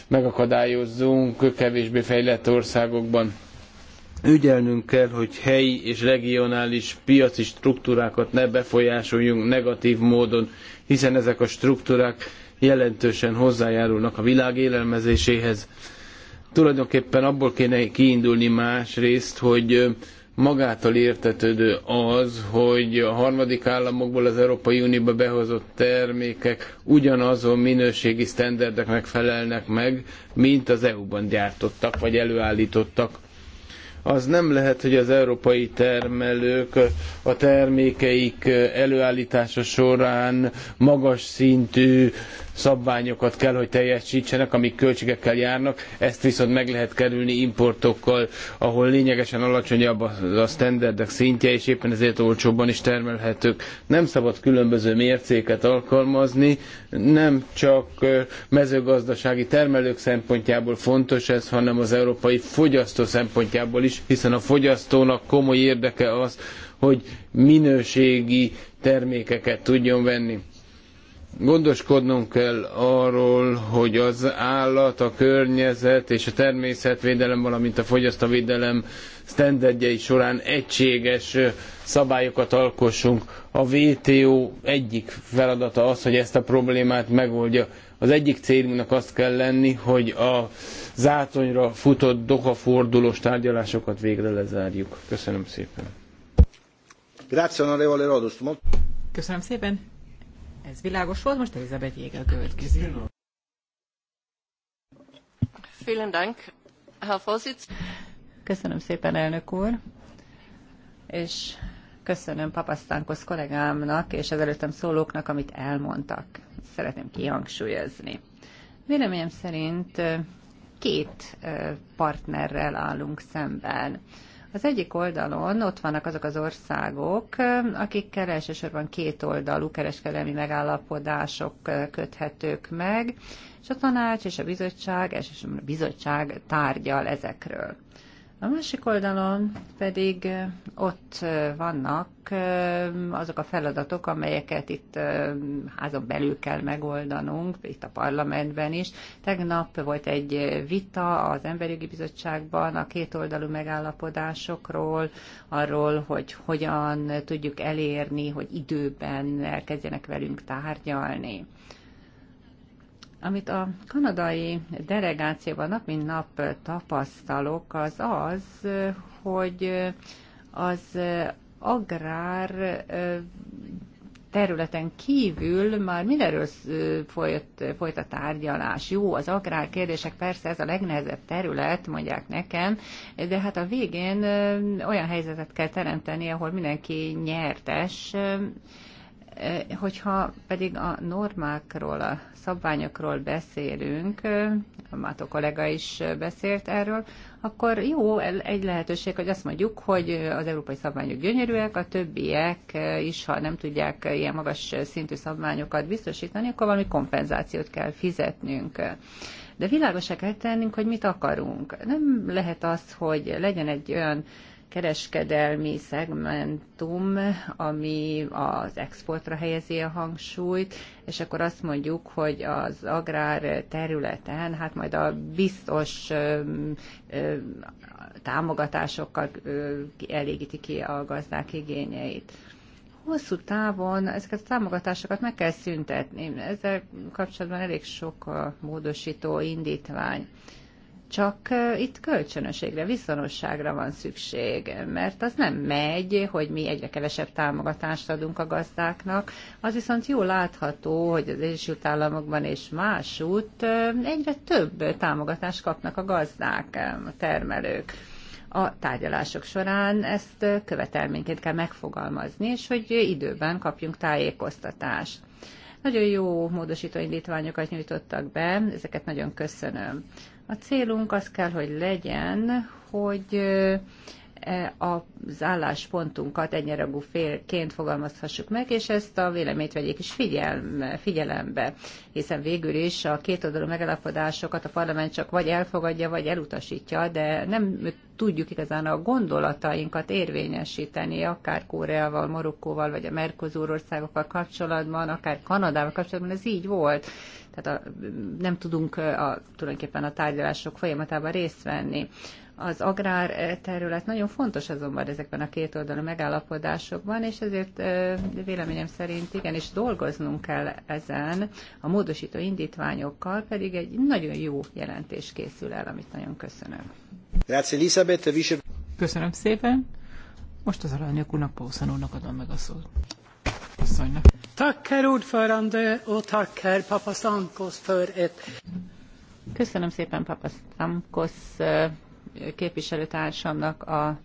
megakadályozzunk kevésbé fejlett országokban ügyelnünk kell, hogy helyi és regionális piaci struktúrákat ne befolyásoljunk negatív módon, hiszen ezek a struktúrák jelentősen hozzájárulnak a világ élelmezéséhez. Tulajdonképpen abból kéne kiindulni másrészt, hogy magától értetődő az, hogy a harmadik államokból az Európai Unióba behozott termékek ugyanazon minőségi sztenderdeknek felelnek meg, mint az EU-ban gyártottak vagy előállítottak. Az nem lehet, hogy az európai termelők a termékeik előállítása során magas szintű szabványokat kell, hogy teljesítsenek, amik költségekkel járnak, ezt viszont meg lehet kerülni importokkal, ahol lényegesen alacsonyabb a standardek szintje, és éppen ezért olcsóbban is termelhetők. Nem szabad különböző mércéket alkalmazni, nem csak mezőgazdasági termelők szempontjából fontos ez, hanem az európai fogyasztó szempontjából is, hiszen a fogyasztónak komoly érdeke az, hogy minőségi termékeket tudjon venni gondoskodnunk kell arról, hogy az állat, a környezet és a természetvédelem, valamint a fogyasztóvédelem sztenderdjei során egységes szabályokat alkossunk. A WTO egyik feladata az, hogy ezt a problémát megoldja. Az egyik célunknak azt kell lenni, hogy a zátonyra futott dohafordulós tárgyalásokat végre lezárjuk. Köszönöm szépen. Köszönöm szépen. Ez világos volt, most Elizabeth Jéger következik. Vielen Dank, Herr Vorsitz. Köszönöm szépen, elnök úr, és köszönöm Papasztánkosz kollégámnak és az előttem szólóknak, amit elmondtak. Szeretném kihangsúlyozni. Véleményem szerint két partnerrel állunk szemben. Az egyik oldalon ott vannak azok az országok, akikkel elsősorban oldalú kereskedelmi megállapodások köthetők meg, és a tanács és a bizottság, elsősorban a bizottság tárgyal ezekről. A másik oldalon pedig ott vannak azok a feladatok, amelyeket itt házon belül kell megoldanunk, itt a parlamentben is. Tegnap volt egy vita az Emberjogi Bizottságban a kétoldalú megállapodásokról, arról, hogy hogyan tudjuk elérni, hogy időben elkezdjenek velünk tárgyalni. Amit a kanadai delegációban nap mint nap tapasztalok, az az, hogy az agrár területen kívül már mindenről folyt, folyt a tárgyalás. Jó, az agrár kérdések persze ez a legnehezebb terület, mondják nekem, de hát a végén olyan helyzetet kell teremteni, ahol mindenki nyertes, E, hogyha pedig a normákról, a szabványokról beszélünk, e, Mátó kollega is beszélt erről, akkor jó egy lehetőség, hogy azt mondjuk, hogy az európai szabványok gyönyörűek, a többiek e, is, ha nem tudják ilyen magas szintű szabványokat biztosítani, akkor valami kompenzációt kell fizetnünk. De világosá kell tennünk, hogy mit akarunk. Nem lehet az, hogy legyen egy olyan kereskedelmi szegmentum, ami az exportra helyezi a hangsúlyt, és akkor azt mondjuk, hogy az agrár területen, hát majd a biztos támogatásokkal elégíti ki a gazdák igényeit hosszú távon ezeket a támogatásokat meg kell szüntetni. Ezzel kapcsolatban elég sok a módosító indítvány. Csak itt kölcsönösségre, viszonosságra van szükség, mert az nem megy, hogy mi egyre kevesebb támogatást adunk a gazdáknak, az viszont jól látható, hogy az Egyesült Államokban és másút egyre több támogatást kapnak a gazdák, a termelők. A tárgyalások során ezt követelményként kell megfogalmazni, és hogy időben kapjunk tájékoztatást. Nagyon jó módosító indítványokat nyújtottak be, ezeket nagyon köszönöm. A célunk az kell, hogy legyen, hogy e, az álláspontunkat egyenragú félként fogalmazhassuk meg, és ezt a véleményt vegyék is figyelme, figyelembe, hiszen végül is a kétoldalú megalapodásokat a parlament csak vagy elfogadja, vagy elutasítja, de nem tudjuk igazán a gondolatainkat érvényesíteni, akár Koreával, Marokkóval, vagy a Mercosur országokkal kapcsolatban, akár Kanadával kapcsolatban, ez így volt tehát a, nem tudunk a, tulajdonképpen a tárgyalások folyamatában részt venni. Az agrár terület nagyon fontos azonban ezekben a két oldalú megállapodásokban, és ezért véleményem szerint igenis dolgoznunk kell ezen, a módosító indítványokkal pedig egy nagyon jó jelentés készül el, amit nagyon köszönöm. Köszönöm szépen. Most az aranyok úrnak, Pószan adom meg a szót asszonynak. Tack herr ordförande, och tack herr för ett... Köszönöm szépen Papastankos képviselőtársamnak a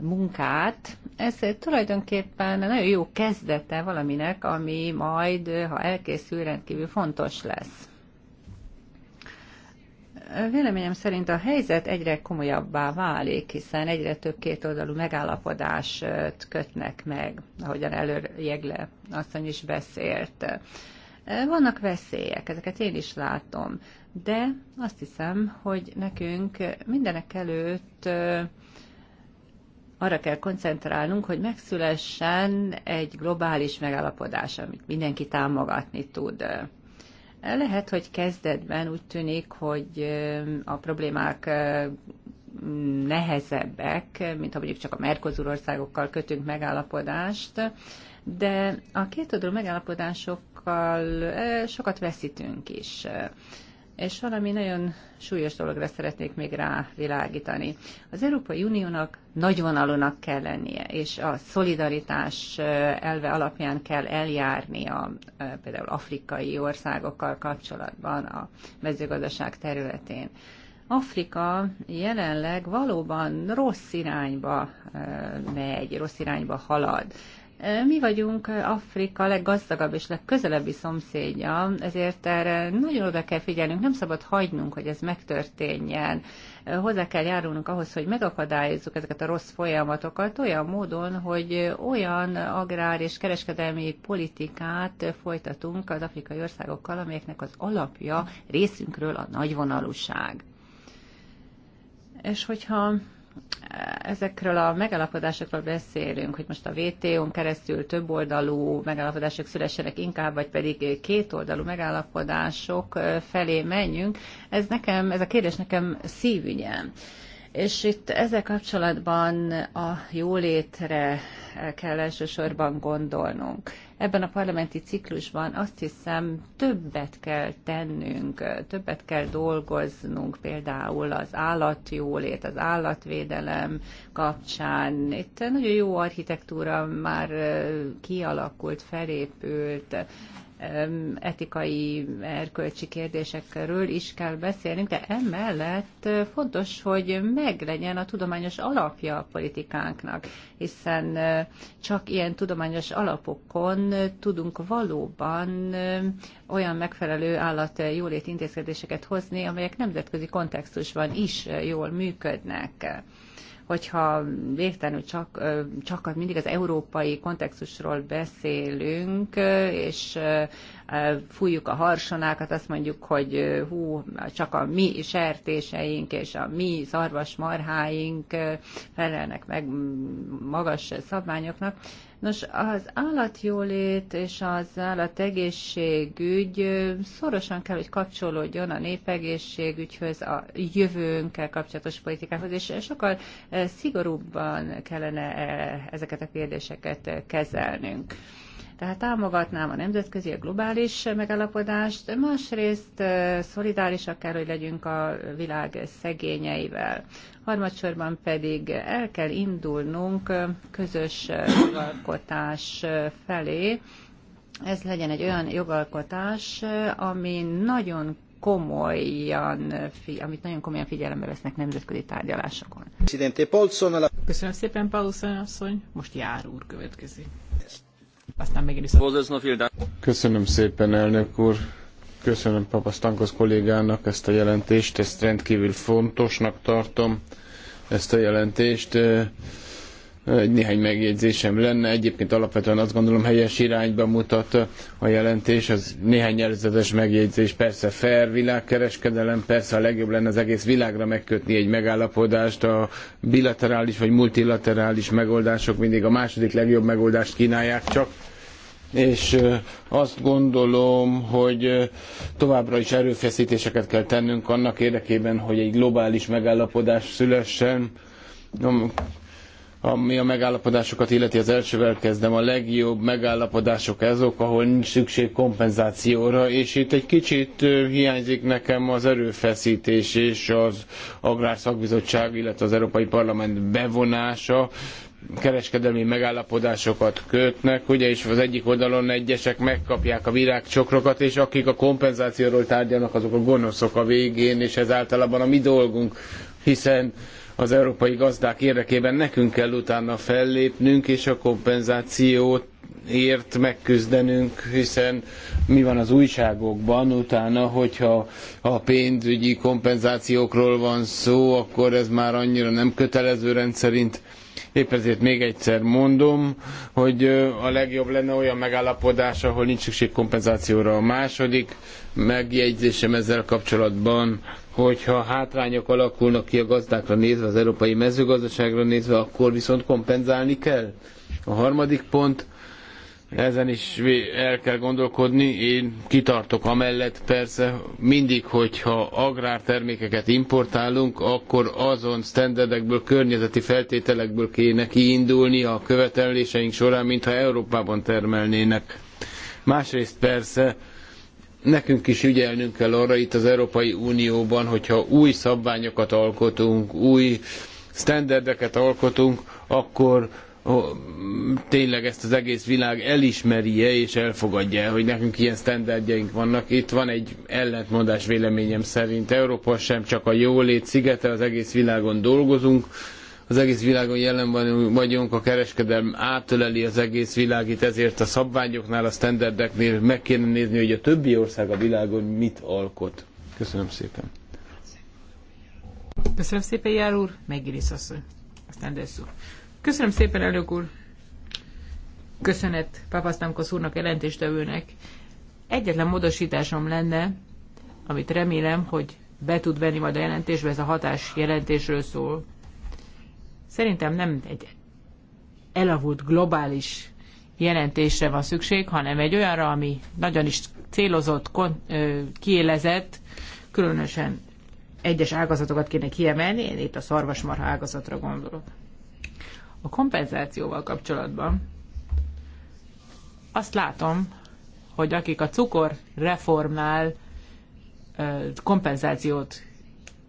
munkát. Ez tulajdonképpen nagyon jó kezdete valaminek, ami majd, ha elkészül, rendkívül fontos lesz. Véleményem szerint a helyzet egyre komolyabbá válik, hiszen egyre több kétoldalú megállapodást kötnek meg, ahogyan előr Jegle asszony is beszélt. Vannak veszélyek, ezeket én is látom, de azt hiszem, hogy nekünk mindenek előtt arra kell koncentrálnunk, hogy megszülessen egy globális megállapodás, amit mindenki támogatni tud lehet, hogy kezdetben úgy tűnik, hogy a problémák nehezebbek, mint ha mondjuk csak a Mercosur országokkal kötünk megállapodást, de a kétoldalú megállapodásokkal sokat veszítünk is. És valami nagyon súlyos dologra szeretnék még rávilágítani. Az Európai Uniónak nagyvonalúnak kell lennie, és a szolidaritás elve alapján kell eljárni a például afrikai országokkal kapcsolatban a mezőgazdaság területén. Afrika jelenleg valóban rossz irányba megy, rossz irányba halad. Mi vagyunk Afrika leggazdagabb és legközelebbi szomszédja, ezért erre nagyon oda kell figyelnünk, nem szabad hagynunk, hogy ez megtörténjen. Hozzá kell járulnunk ahhoz, hogy megakadályozzuk ezeket a rossz folyamatokat olyan módon, hogy olyan agrár és kereskedelmi politikát folytatunk az afrikai országokkal, amelyeknek az alapja részünkről a nagyvonalúság. És hogyha ezekről a megállapodásokról beszélünk, hogy most a WTO-n keresztül több oldalú megállapodások szülessenek inkább, vagy pedig két oldalú megállapodások felé menjünk, ez nekem, ez a kérdés nekem szívügyem. És itt ezzel kapcsolatban a jólétre kell elsősorban gondolnunk ebben a parlamenti ciklusban azt hiszem többet kell tennünk, többet kell dolgoznunk például az állatjólét, az állatvédelem kapcsán. Itt nagyon jó architektúra már kialakult, felépült, etikai, erkölcsi kérdésekről is kell beszélnünk, de emellett fontos, hogy meglegyen a tudományos alapja a politikánknak, hiszen csak ilyen tudományos alapokon tudunk valóban olyan megfelelő állat jólét intézkedéseket hozni, amelyek nemzetközi kontextusban is jól működnek hogyha végtelenül csak, csak mindig az európai kontextusról beszélünk, és fújjuk a harsonákat, azt mondjuk, hogy hú, csak a mi sertéseink és a mi szarvasmarháink felelnek meg magas szabványoknak, Nos, az állatjólét és az állategészségügy szorosan kell, hogy kapcsolódjon a népegészségügyhöz, a jövőnkkel kapcsolatos politikához, és sokkal szigorúbban kellene ezeket a kérdéseket kezelnünk. Tehát támogatnám a nemzetközi, a globális megállapodást, másrészt szolidárisak kell, hogy legyünk a világ szegényeivel harmadsorban pedig el kell indulnunk közös jogalkotás felé. Ez legyen egy olyan jogalkotás, ami nagyon komolyan, amit nagyon komolyan figyelembe vesznek nemzetközi tárgyalásokon. Köszönöm szépen, Paulson asszony. Most jár úr következik. Aztán megint is. Köszönöm szépen, elnök úr. Köszönöm Stankos kollégának ezt a jelentést, ezt rendkívül fontosnak tartom, ezt a jelentést. Egy néhány megjegyzésem lenne, egyébként alapvetően azt gondolom helyes irányba mutat a jelentés, az néhány jelzetes megjegyzés, persze fair világkereskedelem, persze a legjobb lenne az egész világra megkötni egy megállapodást, a bilaterális vagy multilaterális megoldások mindig a második legjobb megoldást kínálják csak és azt gondolom, hogy továbbra is erőfeszítéseket kell tennünk annak érdekében, hogy egy globális megállapodás szülessen, ami a megállapodásokat illeti, az elsővel kezdem, a legjobb megállapodások azok, ahol nincs szükség kompenzációra, és itt egy kicsit hiányzik nekem az erőfeszítés és az Agrárszakbizottság, illetve az Európai Parlament bevonása, kereskedelmi megállapodásokat kötnek, ugye, és az egyik oldalon egyesek megkapják a virágcsokrokat, és akik a kompenzációról tárgyalnak, azok a gonoszok a végén, és ez általában a mi dolgunk, hiszen az európai gazdák érdekében nekünk kell utána fellépnünk, és a kompenzációt ért megküzdenünk, hiszen mi van az újságokban utána, hogyha a pénzügyi kompenzációkról van szó, akkor ez már annyira nem kötelező rendszerint Épp ezért még egyszer mondom, hogy a legjobb lenne olyan megállapodás, ahol nincs szükség kompenzációra. A második megjegyzésem ezzel kapcsolatban, hogyha hátrányok alakulnak ki a gazdákra nézve, az európai mezőgazdaságra nézve, akkor viszont kompenzálni kell. A harmadik pont, ezen is el kell gondolkodni. Én kitartok amellett persze, mindig, hogyha agrártermékeket importálunk, akkor azon standardekből, környezeti feltételekből kéne kiindulni a követeléseink során, mintha Európában termelnének. Másrészt persze, nekünk is ügyelnünk kell arra itt az Európai Unióban, hogyha új szabványokat alkotunk, új standardeket alkotunk, akkor tényleg ezt az egész világ elismerje és elfogadja, hogy nekünk ilyen sztenderdjeink vannak. Itt van egy ellentmondás véleményem szerint. Európa sem csak a jólét szigete, az egész világon dolgozunk, az egész világon jelen vagyunk, a kereskedelm átöleli az egész világit, ezért a szabványoknál, a sztenderdeknél meg kéne nézni, hogy a többi ország a világon mit alkot. Köszönöm szépen. Köszönöm szépen, Jár úr. Megirisz asszony. Aztán Köszönöm szépen, elnök úr! Köszönet Papasztamkosz úrnak, jelentéstevőnek. Egyetlen módosításom lenne, amit remélem, hogy be tud venni majd a jelentésbe, ez a hatás jelentésről szól. Szerintem nem egy elavult globális jelentésre van szükség, hanem egy olyanra, ami nagyon is célozott, kon, ö, kiélezett, különösen egyes ágazatokat kéne kiemelni, én itt a szarvasmarha ágazatra gondolok. A kompenzációval kapcsolatban azt látom, hogy akik a cukor reformnál kompenzációt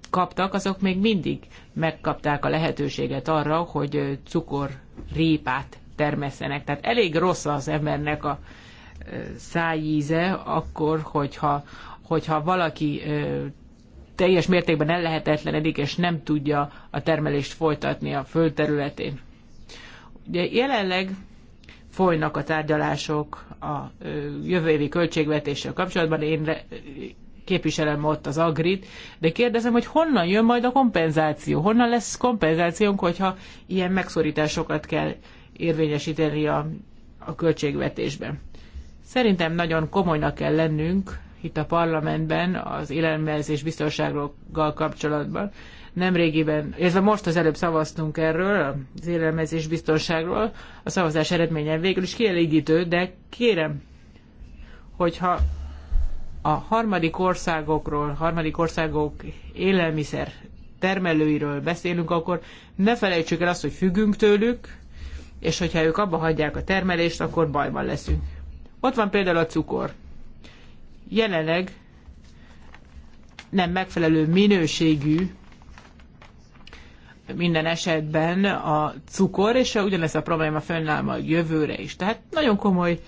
kaptak, azok még mindig megkapták a lehetőséget arra, hogy cukorrépát termesztenek. Tehát elég rossz az embernek a szájíze akkor, hogyha, hogyha valaki teljes mértékben ellehetetlenedik, és nem tudja a termelést folytatni a földterületén. Ugye jelenleg folynak a tárgyalások a jövő évi költségvetéssel kapcsolatban. Én képviselem ott az Agrit, de kérdezem, hogy honnan jön majd a kompenzáció? Honnan lesz kompenzációnk, hogyha ilyen megszorításokat kell érvényesíteni a, a költségvetésben? Szerintem nagyon komolynak kell lennünk itt a parlamentben az élelmezés biztonsággal kapcsolatban. Nemrégiben, illetve most az előbb szavaztunk erről, az élelmezés biztonságról, a szavazás eredménye végül is kielégítő, de kérem, hogyha a harmadik országokról, harmadik országok élelmiszer termelőiről beszélünk, akkor ne felejtsük el azt, hogy függünk tőlük, és hogyha ők abba hagyják a termelést, akkor bajban leszünk. Ott van például a cukor. Jelenleg nem megfelelő minőségű minden esetben a cukor, és ugyanez a probléma fönnáll a jövőre is. Tehát nagyon komoly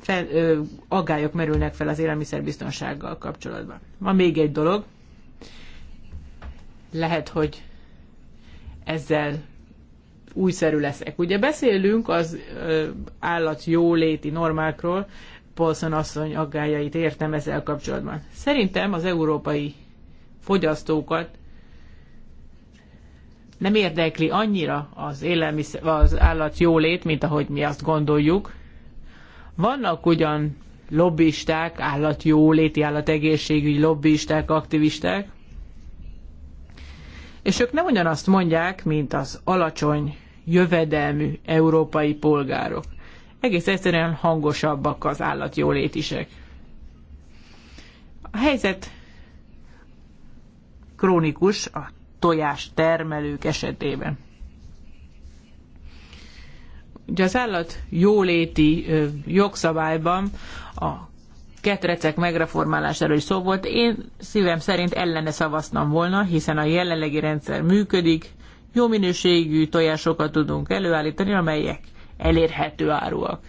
fel, ö, aggályok merülnek fel az élelmiszerbiztonsággal kapcsolatban. Van még egy dolog, lehet, hogy ezzel újszerű leszek. Ugye beszélünk az ö, állat jóléti normákról, Paulson asszony aggájait értem ezzel kapcsolatban. Szerintem az európai fogyasztókat nem érdekli annyira az, élelmiszer, az állat jólét, mint ahogy mi azt gondoljuk. Vannak ugyan lobbisták, állatjóléti, állategészségügyi lobbisták, aktivisták, és ők nem ugyanazt mondják, mint az alacsony jövedelmű európai polgárok. Egész egyszerűen hangosabbak az állatjólétisek. A helyzet krónikus, a tojás termelők esetében. Ugye az állat jóléti jogszabályban a ketrecek megreformálásáról is szó volt. Én szívem szerint ellene szavaztam volna, hiszen a jelenlegi rendszer működik, jó minőségű tojásokat tudunk előállítani, amelyek elérhető áruak.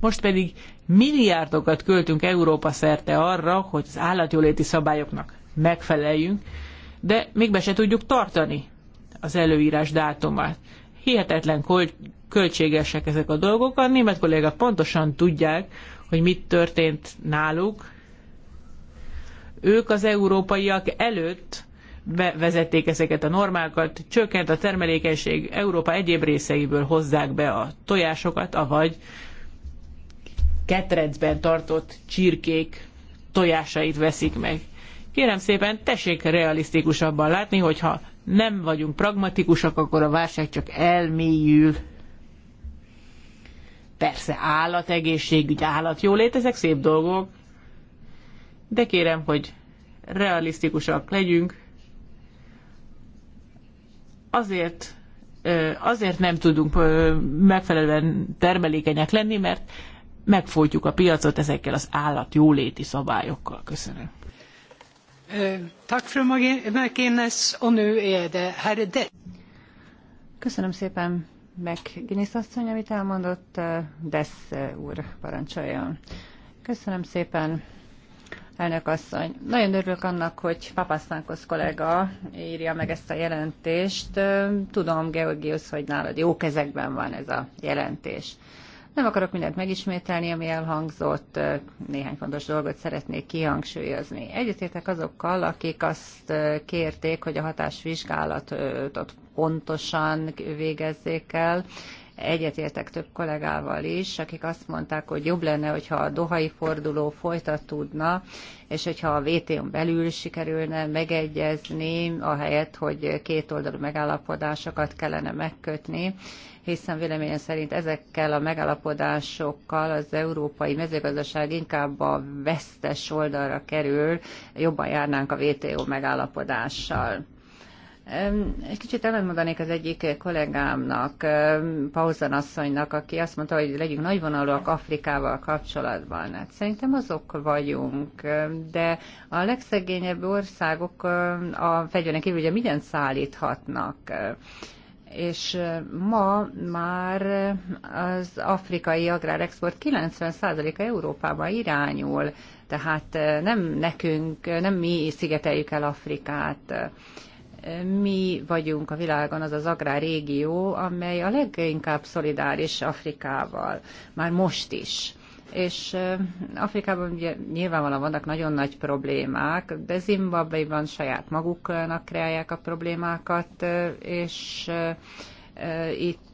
Most pedig milliárdokat költünk Európa szerte arra, hogy az állatjóléti szabályoknak megfeleljünk, de még be se tudjuk tartani az előírás dátumát. Hihetetlen költségesek ezek a dolgok. A német kollégák pontosan tudják, hogy mit történt náluk. Ők az európaiak előtt bevezették ezeket a normákat, csökkent a termelékenység, Európa egyéb részeiből hozzák be a tojásokat, avagy ketrecben tartott csirkék tojásait veszik meg. Kérem szépen, tessék realisztikusabban látni, hogyha nem vagyunk pragmatikusak, akkor a válság csak elmélyül. Persze állategészségügy, állatjólét, ezek szép dolgok, de kérem, hogy realisztikusak legyünk. Azért, azért nem tudunk megfelelően termelékenyek lenni, mert megfolytjuk a piacot ezekkel az állatjóléti szabályokkal. Köszönöm. Eh, Köszönöm szépen meg Guinness asszony, amit elmondott. Eh, Dess eh, úr, parancsoljon. Köszönöm szépen, elnök asszony. Nagyon örülök annak, hogy Papasztánkosz kollega írja meg ezt a jelentést. Tudom, Georgius, hogy nálad jó kezekben van ez a jelentés. Nem akarok mindent megismételni, ami elhangzott, néhány fontos dolgot szeretnék kihangsúlyozni. Egyetértek azokkal, akik azt kérték, hogy a hatásvizsgálatot pontosan végezzék el, Egyetértek több kollégával is, akik azt mondták, hogy jobb lenne, hogyha a dohai forduló folytatódna, és hogyha a WTO-n belül sikerülne megegyezni, ahelyett, hogy kétoldalú megállapodásokat kellene megkötni, hiszen véleményem szerint ezekkel a megállapodásokkal az európai mezőgazdaság inkább a vesztes oldalra kerül, jobban járnánk a WTO megállapodással. Egy kicsit ellentmondanék az egyik kollégámnak, Pauzan asszonynak, aki azt mondta, hogy legyünk nagyvonalúak Afrikával kapcsolatban. Hát szerintem azok vagyunk, de a legszegényebb országok a fegyvernek kívül ugye mindent szállíthatnak és ma már az afrikai agrárexport 90%-a Európába irányul, tehát nem nekünk, nem mi szigeteljük el Afrikát mi vagyunk a világon az az agrárrégió, amely a leginkább szolidáris Afrikával, már most is és Afrikában ugye nyilvánvalóan vannak nagyon nagy problémák, de Zimbabweban saját maguknak kreálják a problémákat, és itt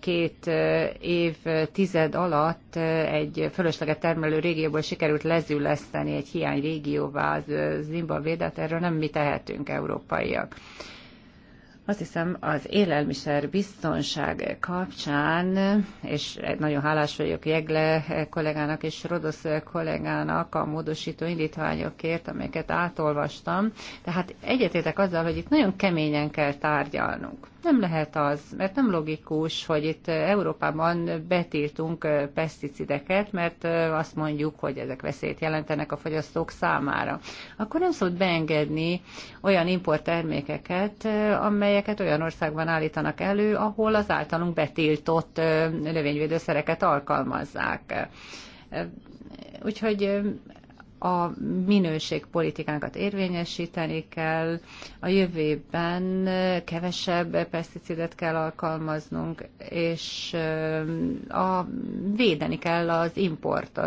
két év tized alatt egy fölösleget termelő régióból sikerült lezüleszteni egy hiány régióvá Zimbabwe, de erről nem mi tehetünk európaiak. Azt hiszem az élelmiszer biztonság kapcsán, és nagyon hálás vagyok Jegle kollégának és Rodosz kollégának a módosító indítványokért, amelyeket átolvastam. Tehát egyetétek azzal, hogy itt nagyon keményen kell tárgyalnunk. Nem lehet az, mert nem logikus, hogy itt Európában betiltunk peszticideket, mert azt mondjuk, hogy ezek veszélyt jelentenek a fogyasztók számára. Akkor nem szabad beengedni olyan importtermékeket, amelyeket olyan országban állítanak elő, ahol az általunk betiltott növényvédőszereket alkalmazzák. Úgyhogy a minőségpolitikánkat érvényesíteni kell, a jövőben kevesebb peszticidet kell alkalmaznunk, és a, védeni kell az import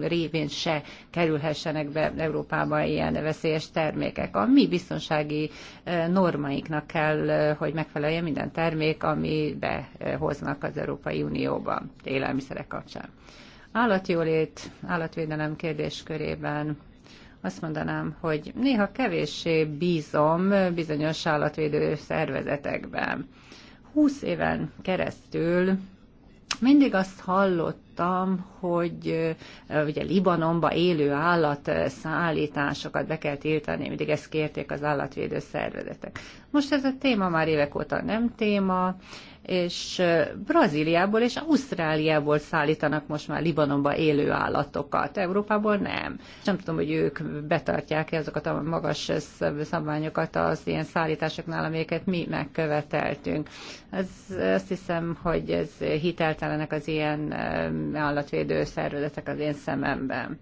révén se kerülhessenek be Európába ilyen veszélyes termékek. A mi biztonsági normainknak kell, hogy megfelelje minden termék, ami behoznak az Európai Unióba élelmiszerek kapcsán. Állatjólét, állatvédelem kérdéskörében azt mondanám, hogy néha kevéssé bízom bizonyos állatvédő szervezetekben. Húsz éven keresztül mindig azt hallottam, hogy ugye Libanonba élő állat szállításokat be kell tiltani, mindig ezt kérték az állatvédő szervezetek. Most ez a téma már évek óta nem téma, és Brazíliából és Ausztráliából szállítanak most már Libanonba élő állatokat. Európából nem. Nem tudom, hogy ők betartják-e azokat a magas szabványokat az ilyen szállításoknál, amelyeket mi megköveteltünk. Ez, azt hiszem, hogy ez hiteltelenek az ilyen állatvédő szervezetek az én szememben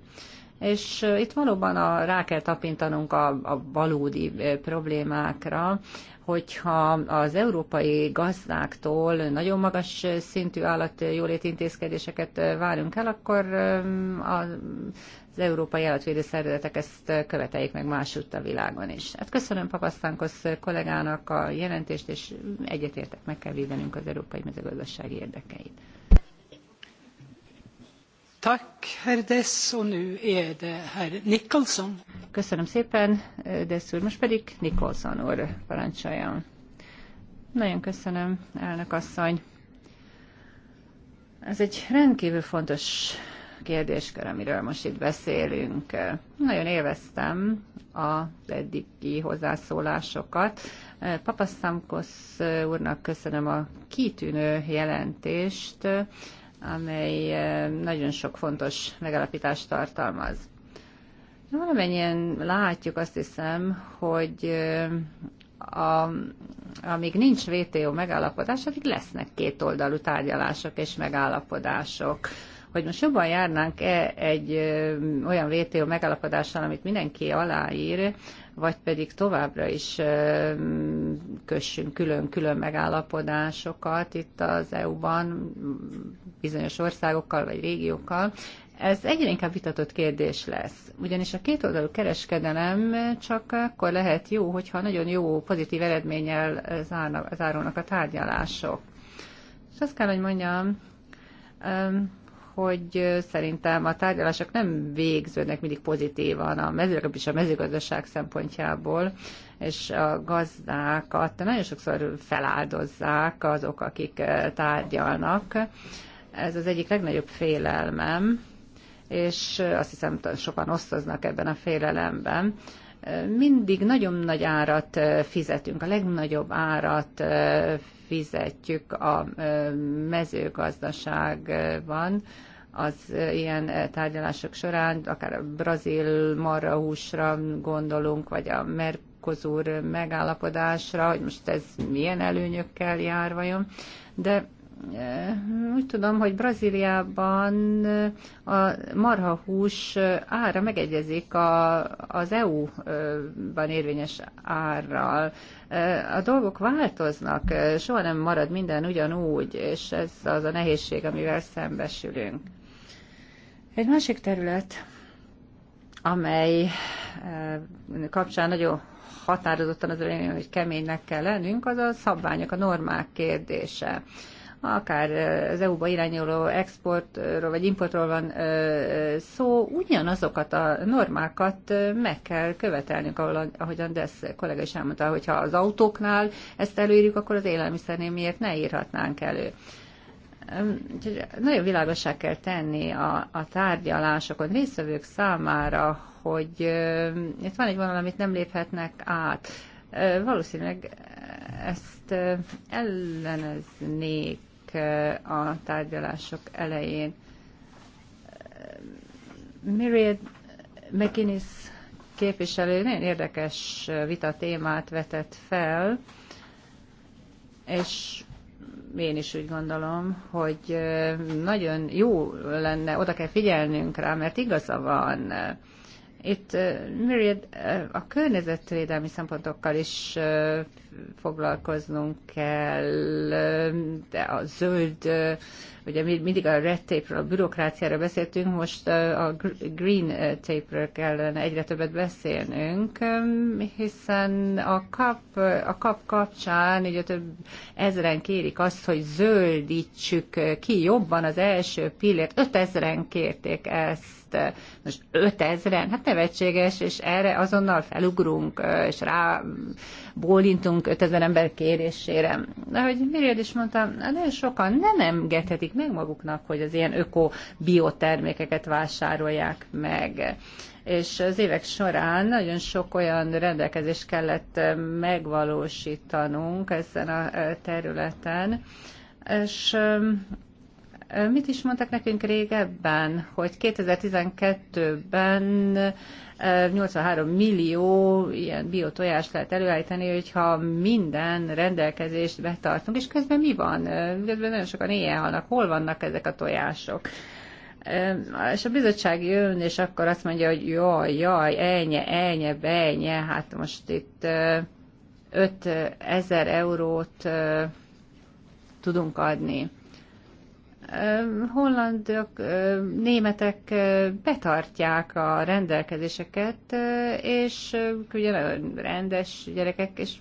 és itt valóban a, rá kell tapintanunk a, a valódi problémákra, hogyha az európai gazdáktól nagyon magas szintű állatjóléti intézkedéseket várunk el, akkor az európai állatvédő szervezetek ezt követeljék meg másutt a világon is. Hát köszönöm Papasztánkosz kollégának a jelentést, és egyetértek meg kell védenünk az európai mezőgazdasági érdekeit. Er köszönöm szépen, Dess úr. Most pedig Nicholson úr parancsoljon. Nagyon köszönöm, elnök asszony. Ez egy rendkívül fontos kérdéskör, amiről most itt beszélünk. Nagyon élveztem az eddigi hozzászólásokat. Papasztamkosz úrnak köszönöm a kitűnő jelentést, amely eh, nagyon sok fontos megalapítást tartalmaz. Valamennyien látjuk azt hiszem, hogy eh, a, amíg nincs VTO megállapodás, addig lesznek kétoldalú tárgyalások és megállapodások hogy most jobban járnánk-e egy olyan VTO megalapodással, amit mindenki aláír, vagy pedig továbbra is kössünk külön-külön megállapodásokat itt az EU-ban bizonyos országokkal vagy régiókkal, ez egyre inkább vitatott kérdés lesz, ugyanis a kétoldalú kereskedelem csak akkor lehet jó, hogyha nagyon jó, pozitív eredménnyel zárnak, zárulnak a tárgyalások. És azt kell, hogy mondjam, hogy szerintem a tárgyalások nem végződnek mindig pozitívan, a mezőgazdaság, a mezőgazdaság szempontjából, és a gazdákat nagyon sokszor feláldozzák azok, akik tárgyalnak. Ez az egyik legnagyobb félelmem, és azt hiszem sokan osztoznak ebben a félelemben mindig nagyon nagy árat fizetünk, a legnagyobb árat fizetjük a mezőgazdaságban, az ilyen tárgyalások során, akár a brazil húsra gondolunk, vagy a Mercosur megállapodásra, hogy most ez milyen előnyökkel jár vajon, de úgy tudom, hogy Brazíliában a marhahús ára megegyezik a, az EU-ban érvényes árral. A dolgok változnak, soha nem marad minden ugyanúgy, és ez az a nehézség, amivel szembesülünk. Egy másik terület, amely eh, kapcsán nagyon határozottan az elején, hogy keménynek kell lennünk, az a szabványok, a normák kérdése akár az EU-ba irányuló exportról vagy importról van szó, ugyanazokat a normákat meg kell követelnünk, ahol, ahogyan Desz kollega is elmondta, hogyha az autóknál ezt előírjuk, akkor az élelmiszernél miért ne írhatnánk elő. Úgyhogy nagyon világosá kell tenni a, a tárgyalásokon résztvevők számára, hogy e, itt van egy vonal, amit nem léphetnek át. E, valószínűleg ezt e, elleneznék a tárgyalások elején. Miriam McInnes képviselő nagyon érdekes vita témát vetett fel, és én is úgy gondolom, hogy nagyon jó lenne, oda kell figyelnünk rá, mert igaza van, itt Myriad a környezetvédelmi szempontokkal is foglalkoznunk kell, de a zöld, ugye mindig a red tape-ről, a bürokráciáról beszéltünk, most a green tape-ről kellene egyre többet beszélnünk, hiszen a kap, a kap kapcsán ugye több ezeren kérik azt, hogy zöldítsük ki jobban az első pillért, ötezeren kérték ezt, most 5000-en, hát nevetséges, és erre azonnal felugrunk, és rá bólintunk 5000 ember kérésére. De hogy Miriad is mondta, hát nagyon sokan nem engedhetik meg maguknak, hogy az ilyen öko-biotermékeket vásárolják meg és az évek során nagyon sok olyan rendelkezést kellett megvalósítanunk ezen a területen, és Mit is mondtak nekünk régebben, hogy 2012-ben 83 millió ilyen biotojást lehet előállítani, hogyha minden rendelkezést betartunk, és közben mi van? Közben nagyon sokan éjjel halnak. Hol vannak ezek a tojások? És a bizottság jön, és akkor azt mondja, hogy jaj, jaj, elnye, elnye, benye, hát most itt 5000 eurót tudunk adni hollandok, németek betartják a rendelkezéseket, és ugye nagyon rendes gyerekek, és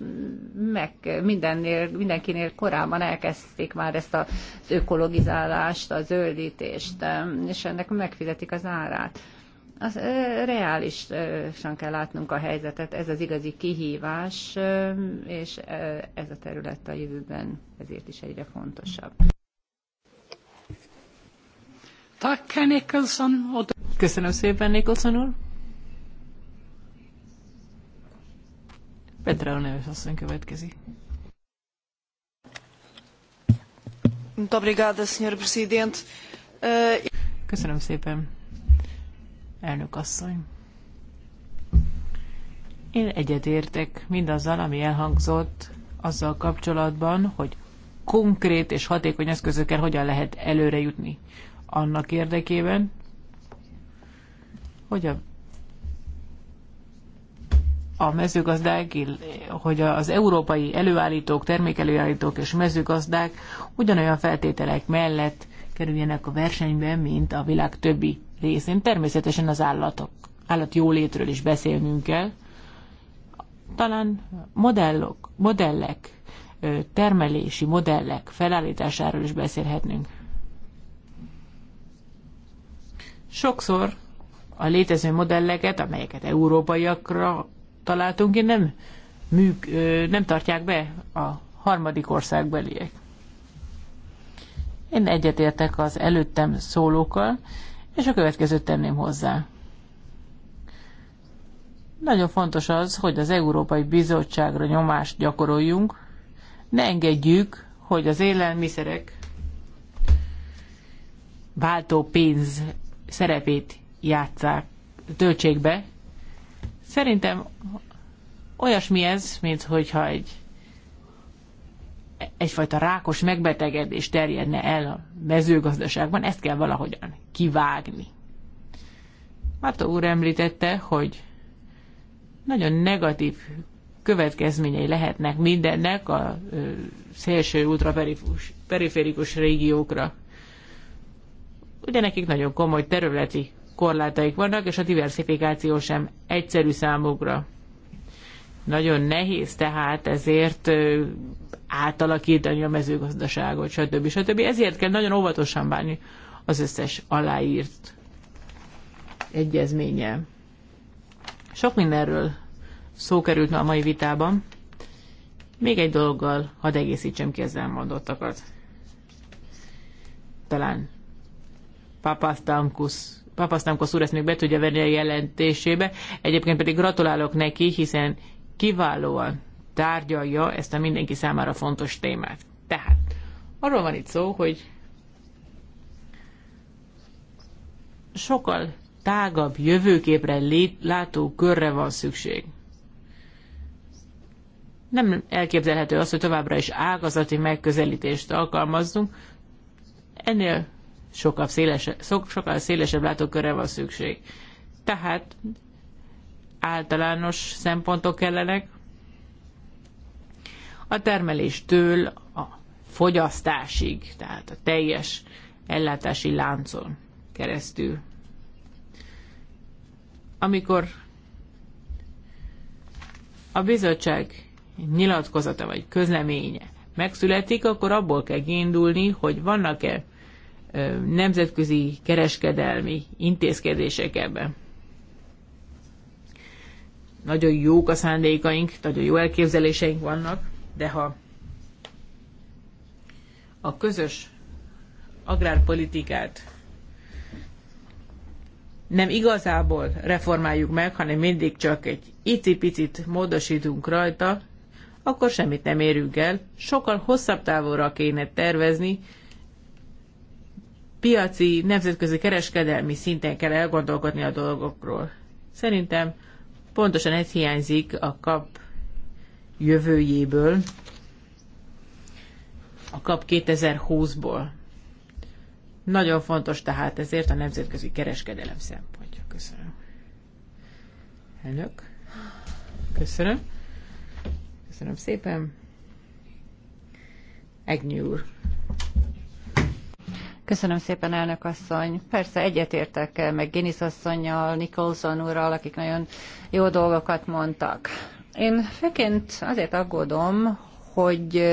meg mindennél, mindenkinél korábban elkezdték már ezt az ökologizálást, a zöldítést, és ennek megfizetik az árát. Az reálisan kell látnunk a helyzetet, ez az igazi kihívás, és ez a terület a jövőben ezért is egyre fontosabb. Köszönöm szépen, Nicholson úr. Petra Neves asszony következik. Eh, Köszönöm szépen, elnök asszony. Én egyetértek mindazzal, ami elhangzott azzal kapcsolatban, hogy konkrét és hatékony eszközökkel hogyan lehet előre jutni annak érdekében, hogy a, a mezőgazdák, hogy az európai előállítók, termékelőállítók és mezőgazdák ugyanolyan feltételek mellett kerüljenek a versenybe, mint a világ többi részén. Természetesen az állatok, állat jólétről is beszélnünk kell. Talán modellok, modellek, termelési modellek felállításáról is beszélhetnünk. Sokszor a létező modelleket, amelyeket európaiakra találtunk ki, nem, műk, nem tartják be a harmadik országbeliek. Én egyetértek az előttem szólókkal, és a következőt tenném hozzá. Nagyon fontos az, hogy az Európai Bizottságra nyomást gyakoroljunk, ne engedjük, hogy az élelmiszerek váltó pénz szerepét játszák, töltsék be. Szerintem olyasmi ez, mint hogyha egy egyfajta rákos megbetegedés terjedne el a mezőgazdaságban, ezt kell valahogyan kivágni. Márta úr említette, hogy nagyon negatív következményei lehetnek mindennek a szélső ultraperiférikus régiókra ugye nekik nagyon komoly területi korlátaik vannak, és a diversifikáció sem egyszerű számukra. Nagyon nehéz tehát ezért átalakítani a mezőgazdaságot, stb. stb. Ezért kell nagyon óvatosan bánni az összes aláírt egyezménye. Sok mindenről szó került ma a mai vitában. Még egy dologgal hadd egészítsem ki ezzel mondottakat. Talán Papasztankusz Papasztankosz úr ezt még be tudja venni a jelentésébe. Egyébként pedig gratulálok neki, hiszen kiválóan tárgyalja ezt a mindenki számára fontos témát. Tehát arról van itt szó, hogy sokkal tágabb jövőképre látó körre van szükség. Nem elképzelhető az, hogy továbbra is ágazati megközelítést alkalmazzunk. Ennél sokkal, szélesebb, sokkal szélesebb látókörre van szükség. Tehát általános szempontok kellenek a termeléstől a fogyasztásig, tehát a teljes ellátási láncon keresztül. Amikor a bizottság nyilatkozata vagy közleménye megszületik, akkor abból kell kiindulni, hogy vannak-e nemzetközi kereskedelmi intézkedések ebben. Nagyon jók a szándékaink, nagyon jó elképzeléseink vannak, de ha a közös agrárpolitikát nem igazából reformáljuk meg, hanem mindig csak egy icipicit módosítunk rajta, akkor semmit nem érünk el. Sokkal hosszabb távolra kéne tervezni, piaci, nemzetközi kereskedelmi szinten kell elgondolkodni a dolgokról. Szerintem pontosan ez hiányzik a kap jövőjéből, a kap 2020-ból. Nagyon fontos tehát ezért a nemzetközi kereskedelem szempontja. Köszönöm. Elnök. Köszönöm. Köszönöm szépen. Egnyúr. Köszönöm szépen, elnök asszony. Persze egyetértek meg Guinness asszonynal, Nicholson úrral, akik nagyon jó dolgokat mondtak. Én főként azért aggódom, hogy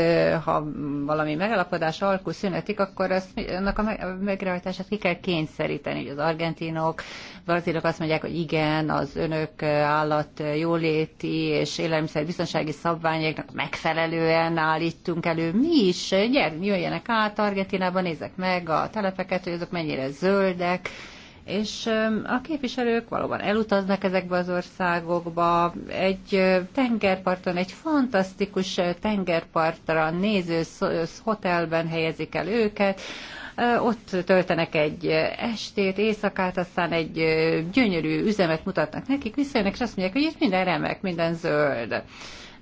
ha valami megalapodás alkul szünetik, akkor ezt, annak a megrehajtását ki kell kényszeríteni. Hogy az argentinok, brazilok azt mondják, hogy igen, az önök állat jóléti és élelmiszerbiztonsági szabványoknak megfelelően állítunk elő. Mi is, gyere, jöjjenek át Argentinában, nézzek meg a telepeket, hogy azok mennyire zöldek, és a képviselők valóban elutaznak ezekbe az országokba, egy tengerparton, egy fantasztikus tengerpartra néző hotelben helyezik el őket, ott töltenek egy estét, éjszakát, aztán egy gyönyörű üzemet mutatnak nekik, visszajönnek, és azt mondják, hogy itt minden remek, minden zöld.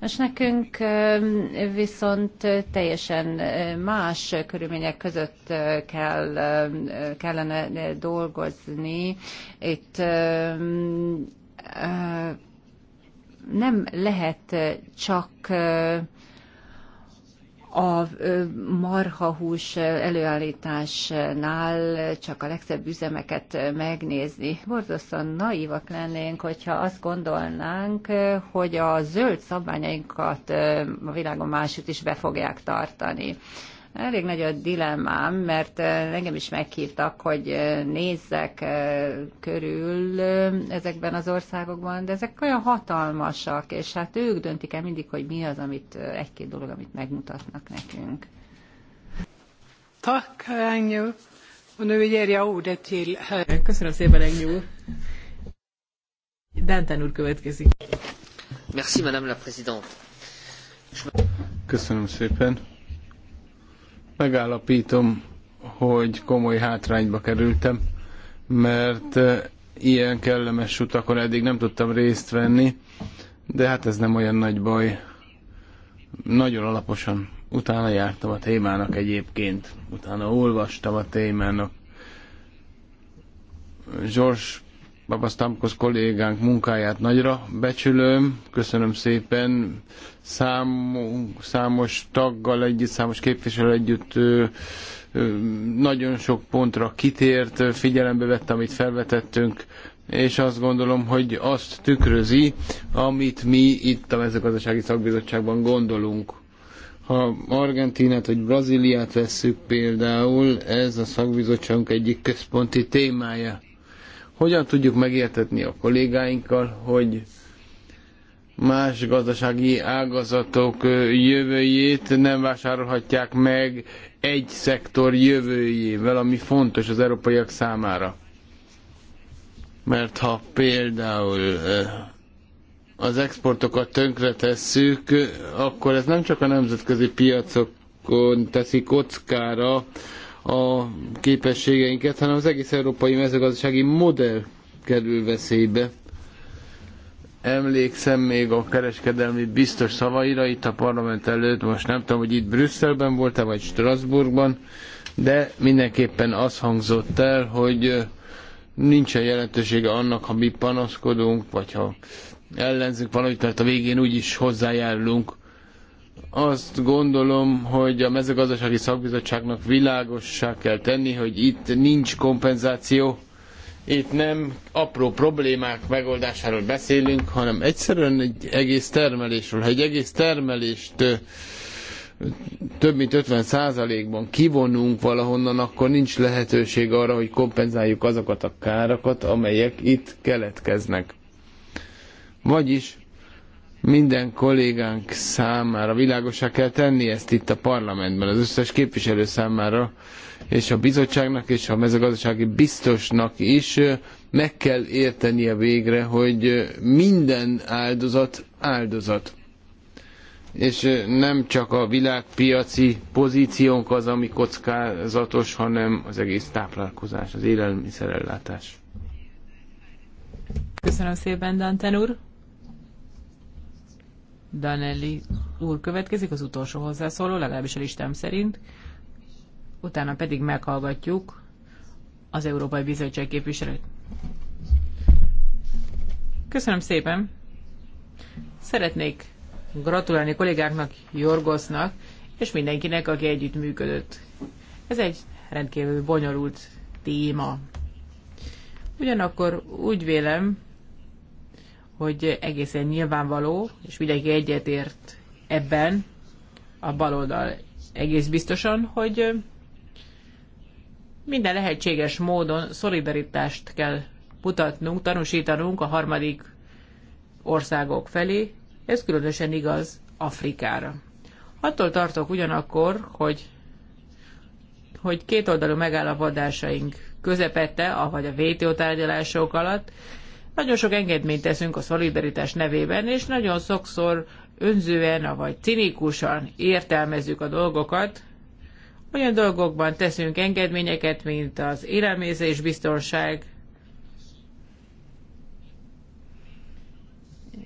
Most nekünk viszont teljesen más körülmények között kell, kellene dolgozni. Itt nem lehet csak a marhahús előállításnál csak a legszebb üzemeket megnézni. Borzasztóan naívak lennénk, hogyha azt gondolnánk, hogy a zöld szabványainkat a világon máshogy is be fogják tartani. Elég nagy a dilemmám, mert eh, engem is meghívtak, hogy eh, nézzek eh, körül ezekben az országokban, de ezek olyan hatalmasak, és hát ők döntik el mindig, hogy mi az, amit egy-két dolog, amit megmutatnak nekünk. Tak, Agnew. nu ger jag ordet till herr... Köszönöm szépen, Agnew úr. úr következik. Merci, madame la présidente. Köszönöm szépen megállapítom, hogy komoly hátrányba kerültem, mert eh, ilyen kellemes utakon eddig nem tudtam részt venni, de hát ez nem olyan nagy baj. Nagyon alaposan utána jártam a témának egyébként, utána olvastam a témának. Zsors Babasztamkos kollégánk munkáját nagyra becsülöm, köszönöm szépen, számunk, számos taggal együtt, számos képviselő együtt ö, ö, nagyon sok pontra kitért, figyelembe vette, amit felvetettünk, és azt gondolom, hogy azt tükrözi, amit mi itt a mezőgazdasági szakbizottságban gondolunk. Ha Argentinát vagy Brazíliát vesszük például, ez a szakbizottságunk egyik központi témája. Hogyan tudjuk megértetni a kollégáinkkal, hogy más gazdasági ágazatok jövőjét nem vásárolhatják meg egy szektor jövőjével, ami fontos az európaiak számára. Mert ha például az exportokat tönkretesszük, akkor ez nem csak a nemzetközi piacokon teszi kockára a képességeinket, hanem az egész európai mezőgazdasági modell kerül veszélybe emlékszem még a kereskedelmi biztos szavaira itt a parlament előtt, most nem tudom, hogy itt Brüsszelben volt-e, vagy Strasbourgban, de mindenképpen az hangzott el, hogy nincsen jelentősége annak, ha mi panaszkodunk, vagy ha ellenzünk valamit, mert a végén úgyis hozzájárulunk. Azt gondolom, hogy a mezőgazdasági szakbizottságnak világossá kell tenni, hogy itt nincs kompenzáció, itt nem apró problémák megoldásáról beszélünk, hanem egyszerűen egy egész termelésről. Ha egy egész termelést több mint 50%-ban kivonunk valahonnan, akkor nincs lehetőség arra, hogy kompenzáljuk azokat a károkat, amelyek itt keletkeznek. Vagyis minden kollégánk számára világosá kell tenni ezt itt a parlamentben, az összes képviselő számára, és a bizottságnak és a mezőgazdasági biztosnak is meg kell értenie végre, hogy minden áldozat áldozat. És nem csak a világpiaci pozíciónk az, ami kockázatos, hanem az egész táplálkozás, az élelmiszerellátás. Köszönöm szépen, Danten úr! Danelli úr következik, az utolsó hozzászóló, legalábbis a listám szerint. Utána pedig meghallgatjuk az Európai Bizottság képviselőt. Köszönöm szépen! Szeretnék gratulálni kollégáknak, Jorgosznak, és mindenkinek, aki együttműködött. Ez egy rendkívül bonyolult téma. Ugyanakkor úgy vélem, hogy egészen nyilvánvaló, és mindenki egyetért ebben, a baloldal egész biztosan, hogy minden lehetséges módon szolidaritást kell mutatnunk, tanúsítanunk a harmadik országok felé. Ez különösen igaz Afrikára. Attól tartok ugyanakkor, hogy, hogy kétoldalú megállapodásaink közepette, avagy a VTO tárgyalások alatt nagyon sok engedményt teszünk a szolidaritás nevében, és nagyon sokszor önzően, vagy cinikusan értelmezzük a dolgokat. Olyan dolgokban teszünk engedményeket, mint az élelmezés biztonság,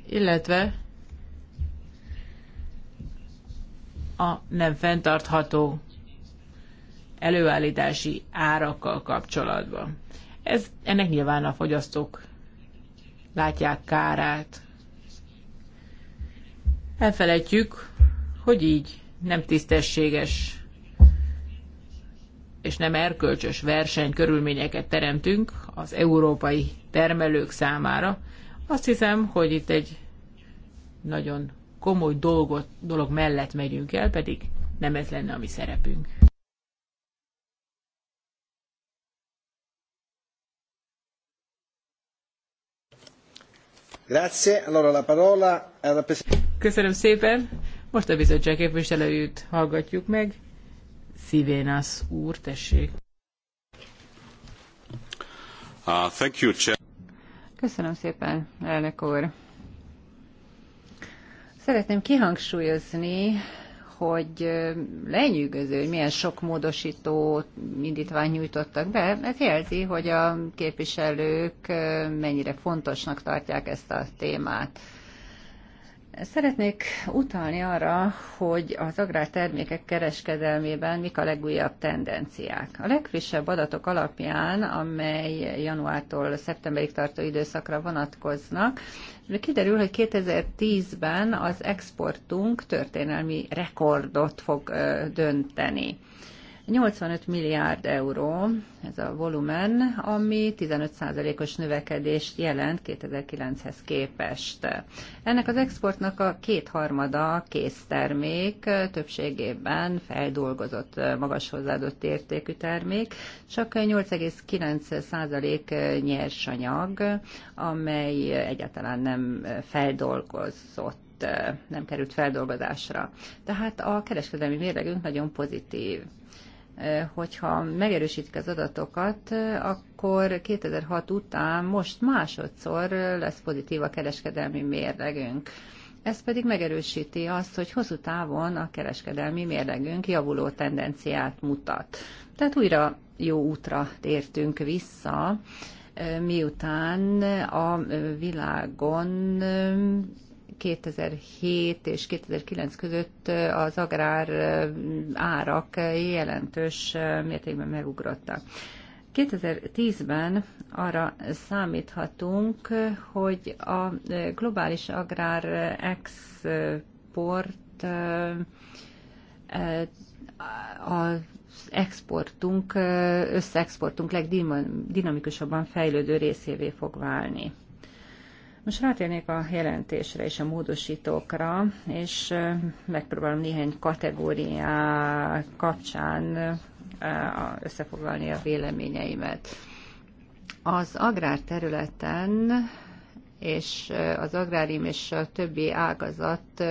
illetve a nem fenntartható előállítási árakkal kapcsolatban. Ez, ennek nyilván a fogyasztók látják kárát. Elfelejtjük, hogy így nem tisztességes és nem erkölcsös körülményeket teremtünk az európai termelők számára. Azt hiszem, hogy itt egy nagyon komoly dolgot, dolog mellett megyünk el, pedig nem ez lenne a mi szerepünk. Köszönöm szépen. Most a bizottság képviselőjét hallgatjuk meg. Szivénász úr, tessék. Uh, thank you, Chair. Köszönöm szépen, elnök úr. Szeretném kihangsúlyozni, hogy lenyűgöző, hogy milyen sok módosító indítvány nyújtottak be. mert jelzi, hogy a képviselők mennyire fontosnak tartják ezt a témát. Szeretnék utalni arra, hogy az agrártermékek kereskedelmében mik a legújabb tendenciák. A legfrissebb adatok alapján, amely januártól szeptemberig tartó időszakra vonatkoznak, kiderül, hogy 2010-ben az exportunk történelmi rekordot fog dönteni. 85 milliárd euró ez a volumen, ami 15%-os növekedést jelent 2009-hez képest. Ennek az exportnak a kétharmada késztermék, többségében feldolgozott, magas hozzáadott értékű termék, csak 8,9% nyersanyag, amely egyáltalán nem feldolgozott nem került feldolgozásra. Tehát a kereskedelmi mérlegünk nagyon pozitív. Eh, hogyha megerősítik az adatokat, eh, akkor 2006 után most másodszor eh, lesz pozitív a kereskedelmi mérlegünk. Ez pedig megerősíti azt, hogy hosszú távon a kereskedelmi mérlegünk javuló tendenciát mutat. Tehát újra jó útra tértünk vissza, miután a világon 2007 és 2009 között az agrár árak jelentős mértékben megugrottak. 2010-ben arra számíthatunk, hogy a globális agrár export az exportunk, összeexportunk legdinamikusabban fejlődő részévé fog válni. Most rátérnék a jelentésre és a módosítókra, és megpróbálom néhány kategóriá kapcsán összefoglalni a véleményeimet. Az agrárterületen és az agrárim és a többi ágazat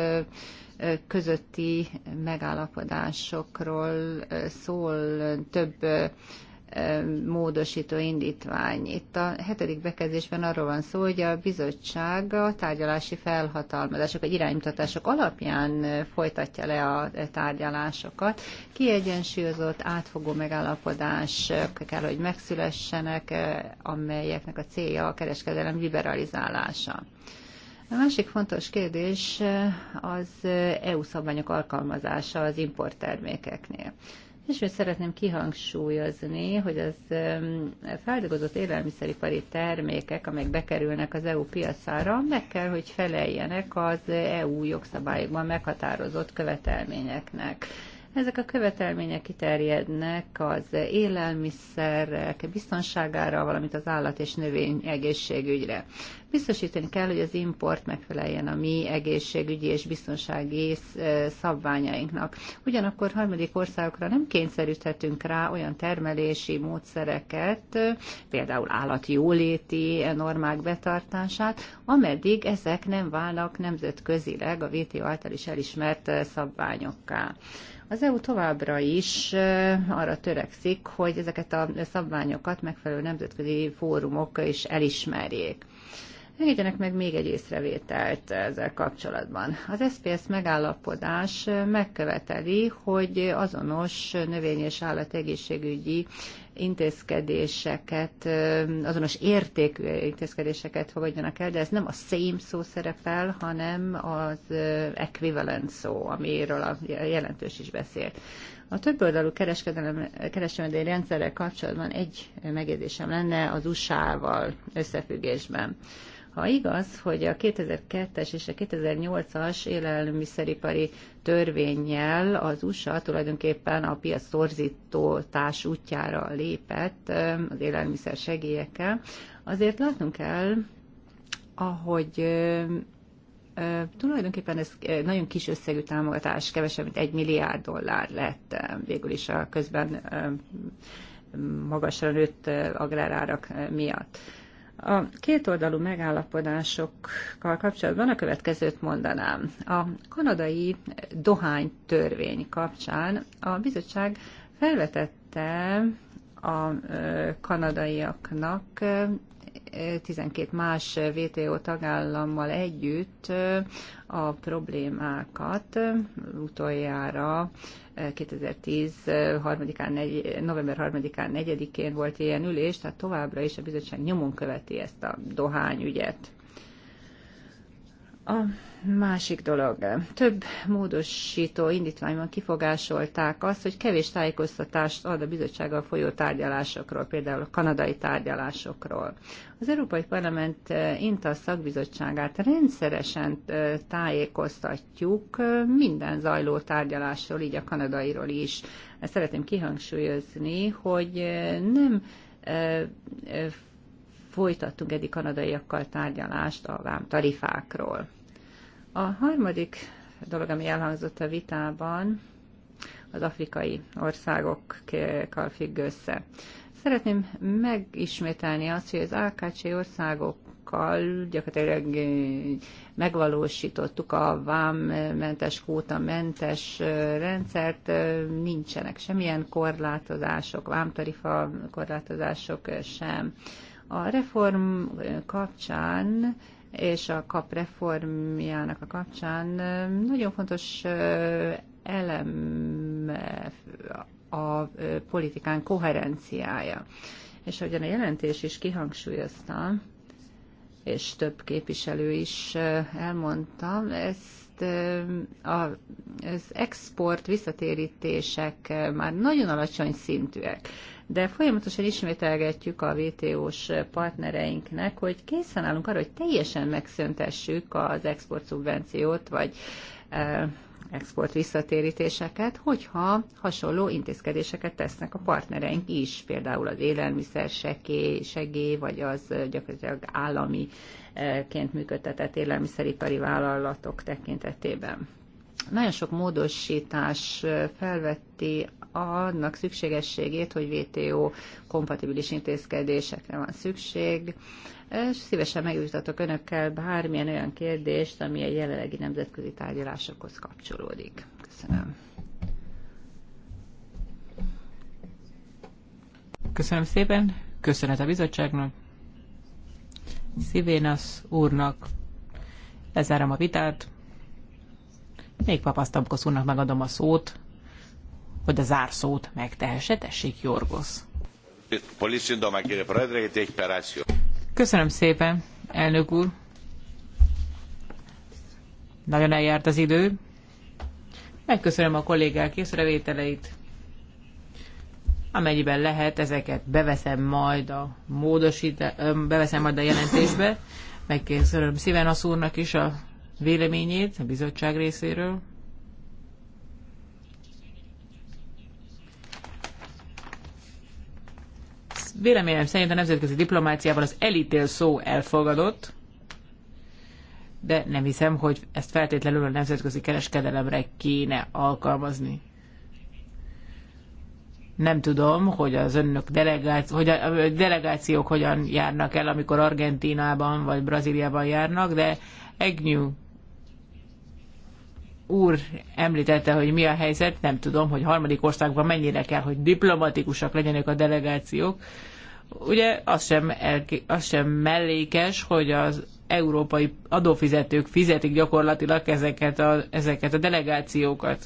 közötti megállapodásokról szól több módosító indítvány. Itt a hetedik bekezdésben arról van szó, hogy a bizottság a tárgyalási felhatalmazások vagy iránymutatások alapján folytatja le a tárgyalásokat. Kiegyensúlyozott, átfogó megállapodások kell, hogy megszülessenek, amelyeknek a célja a kereskedelem liberalizálása. A másik fontos kérdés az EU szabványok alkalmazása az importtermékeknél. És szeretném kihangsúlyozni, hogy az feldolgozott élelmiszeripari termékek, amelyek bekerülnek az EU piacára, meg kell, hogy feleljenek az EU jogszabályokban meghatározott követelményeknek. Ezek a követelmények kiterjednek az élelmiszerek biztonságára, valamint az állat és növény egészségügyre. Biztosítani kell, hogy az import megfeleljen a mi egészségügyi és biztonsági eh, szabványainknak. Ugyanakkor harmadik országokra nem kényszeríthetünk rá olyan termelési módszereket, például állatjóléti normák betartását, ameddig ezek nem válnak nemzetközileg a VTO által is elismert eh, szabványokká. Az EU továbbra is arra törekszik, hogy ezeket a szabványokat megfelelő nemzetközi fórumok is elismerjék. Engedjenek meg még egy észrevételt ezzel kapcsolatban. Az SPS megállapodás megköveteli, hogy azonos növény- és állategészségügyi intézkedéseket, azonos értékű intézkedéseket fogadjanak el, de ez nem a same szó szerepel, hanem az equivalent szó, amiről a jelentős is beszélt. A többoldalú kereskedelmi rendszerrel kapcsolatban egy megjegyzésem lenne az USA-val összefüggésben. Ha igaz, hogy a 2002-es és a 2008-as élelmiszeripari törvényjel az USA tulajdonképpen a piac torzítótás útjára lépett az élelmiszer segélyekkel, azért látnunk kell, ahogy tulajdonképpen ez nagyon kis összegű támogatás, kevesebb, mint egy milliárd dollár lett végül is a közben magasra nőtt agrárárak miatt. A kétoldalú megállapodásokkal kapcsolatban a következőt mondanám. A kanadai dohánytörvény kapcsán a bizottság felvetette a kanadaiaknak 12 más WTO tagállammal együtt a problémákat utoljára 2010 3 eh, november 3-án, 4-én volt ilyen ülés, tehát továbbra is a bizottság nyomon követi ezt a dohányügyet. A Másik dolog, több módosító indítványban kifogásolták azt, hogy kevés tájékoztatást ad a bizottsággal folyó tárgyalásokról, például a kanadai tárgyalásokról. Az Európai Parlament eh, INTA szakbizottságát rendszeresen eh, tájékoztatjuk eh, minden zajló tárgyalásról, így a kanadairól is. Ezt szeretném kihangsúlyozni, hogy nem folytattunk eddig kanadaiakkal tárgyalást a vám tarifákról. A harmadik dolog, ami elhangzott a vitában, az afrikai országokkal függ össze. Szeretném megismételni azt, hogy az AKC országokkal gyakorlatilag eh, megvalósítottuk a vámmentes, kótamentes eh, rendszert, eh, nincsenek semmilyen korlátozások, vámtarifa korlátozások sem. A reform kapcsán és a kap reformjának a kapcsán nagyon fontos elem a politikán koherenciája. És ahogyan a jelentés is kihangsúlyozta, és több képviselő is elmondta, ez az export visszatérítések már nagyon alacsony szintűek, de folyamatosan ismételgetjük a WTO-s partnereinknek, hogy készen állunk arra, hogy teljesen megszöntessük az export szubvenciót, vagy export visszatérítéseket, hogyha hasonló intézkedéseket tesznek a partnereink is, például az élelmiszer segély, vagy az gyakorlatilag állami ként működtetett élelmiszeripari vállalatok tekintetében. Nagyon sok módosítás felvetti annak szükségességét, hogy WTO kompatibilis intézkedésekre van szükség, és Szívesen megjutatok önökkel bármilyen olyan kérdést, ami a jelenlegi nemzetközi tárgyalásokhoz kapcsolódik. Köszönöm. Köszönöm szépen, köszönet a bizottságnak, Szivénasz úrnak, lezárom a vitát, még papasztamkosz úrnak megadom a szót, hogy a zárszót megtehesse, tessék Jorgosz. Πολύ σύντομα egy Πρόεδρε, Köszönöm szépen, elnök úr. Nagyon eljárt az idő. Megköszönöm a kollégák észrevételeit. Amennyiben lehet, ezeket beveszem majd a módosítá... beveszem majd a jelentésbe. Megköszönöm szíven a úrnak is a véleményét a bizottság részéről. Véleményem szerint a nemzetközi diplomáciában az elítél szó elfogadott, de nem hiszem, hogy ezt feltétlenül a nemzetközi kereskedelemre kéne alkalmazni. Nem tudom, hogy az önök delegáci- hogy a delegációk hogyan járnak el, amikor Argentínában vagy Brazíliában járnak, de Egnyú úr említette, hogy mi a helyzet, nem tudom, hogy harmadik országban mennyire kell, hogy diplomatikusak legyenek a delegációk. Ugye az sem, elké, az sem mellékes, hogy az európai adófizetők fizetik gyakorlatilag ezeket a, ezeket a delegációkat.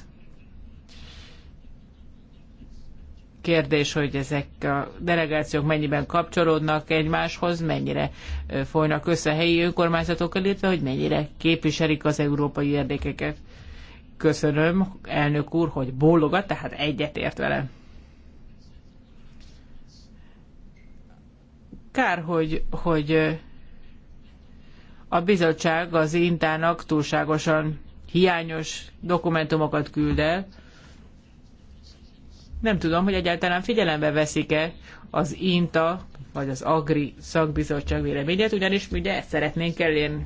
Kérdés, hogy ezek a delegációk mennyiben kapcsolódnak egymáshoz, mennyire folynak össze helyi önkormányzatokkal, illetve hogy mennyire képviselik az európai érdekeket. Köszönöm, elnök úr, hogy bólogat, tehát egyetért velem. Kár, hogy, hogy a bizottság az Intának túlságosan hiányos dokumentumokat küld el. Nem tudom, hogy egyáltalán figyelembe veszik-e az INTA vagy az AGRI szakbizottság véleményét, ugyanis mi ugye ezt szeretnénk elérni.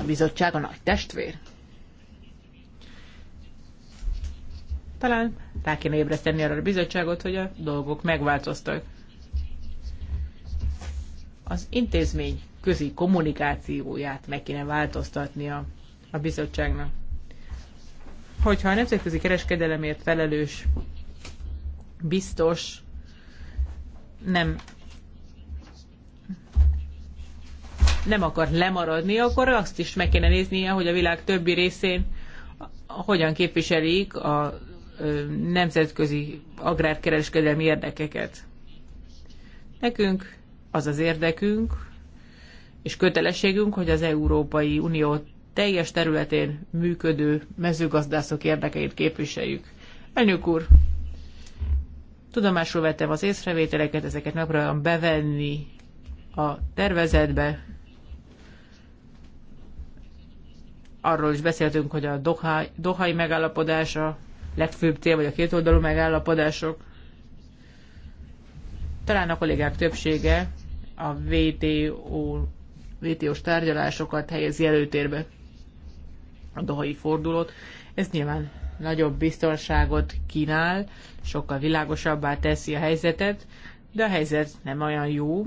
A bizottság a nagy testvér. Talán rá kéne ébreszteni arra a bizottságot, hogy a dolgok megváltoztak. Az intézmény közi kommunikációját meg kéne változtatni a, a bizottságnak. Hogyha a nemzetközi kereskedelemért felelős biztos nem nem akar lemaradni, akkor azt is meg kéne néznie, hogy a világ többi részén hogyan képviselik a nemzetközi agrárkereskedelmi érdekeket. Nekünk az az érdekünk, és kötelességünk, hogy az Európai Unió teljes területén működő mezőgazdászok érdekeit képviseljük. Elnök úr, tudomásul vettem az észrevételeket, ezeket megpróbálom bevenni a tervezetbe. Arról is beszéltünk, hogy a Dohai, Dohai megállapodása legfőbb tél, vagy a kétoldalú megállapodások. Talán a kollégák többsége a VTO, VTO-s tárgyalásokat helyezi előtérbe a dohai fordulót. Ez nyilván nagyobb biztonságot kínál, sokkal világosabbá teszi a helyzetet, de a helyzet nem olyan jó.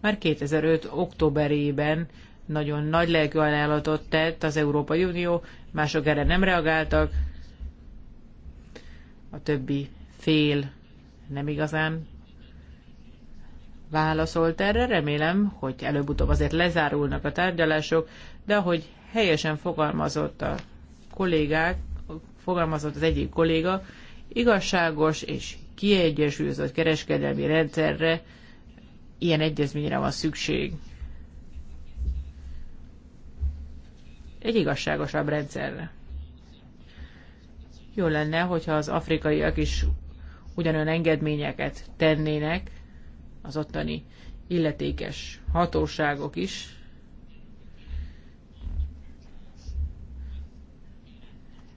Már 2005. októberében nagyon nagy lelkű ajánlatot tett az Európai Unió, mások erre nem reagáltak, a többi fél nem igazán válaszolt erre. Remélem, hogy előbb-utóbb azért lezárulnak a tárgyalások, de ahogy helyesen fogalmazott a kollégák, fogalmazott az egyik kolléga, igazságos és kiegyensúlyozott kereskedelmi rendszerre ilyen egyezményre van szükség. egy igazságosabb rendszerre. Jó lenne, hogyha az afrikaiak is ugyanolyan engedményeket tennének, az ottani illetékes hatóságok is.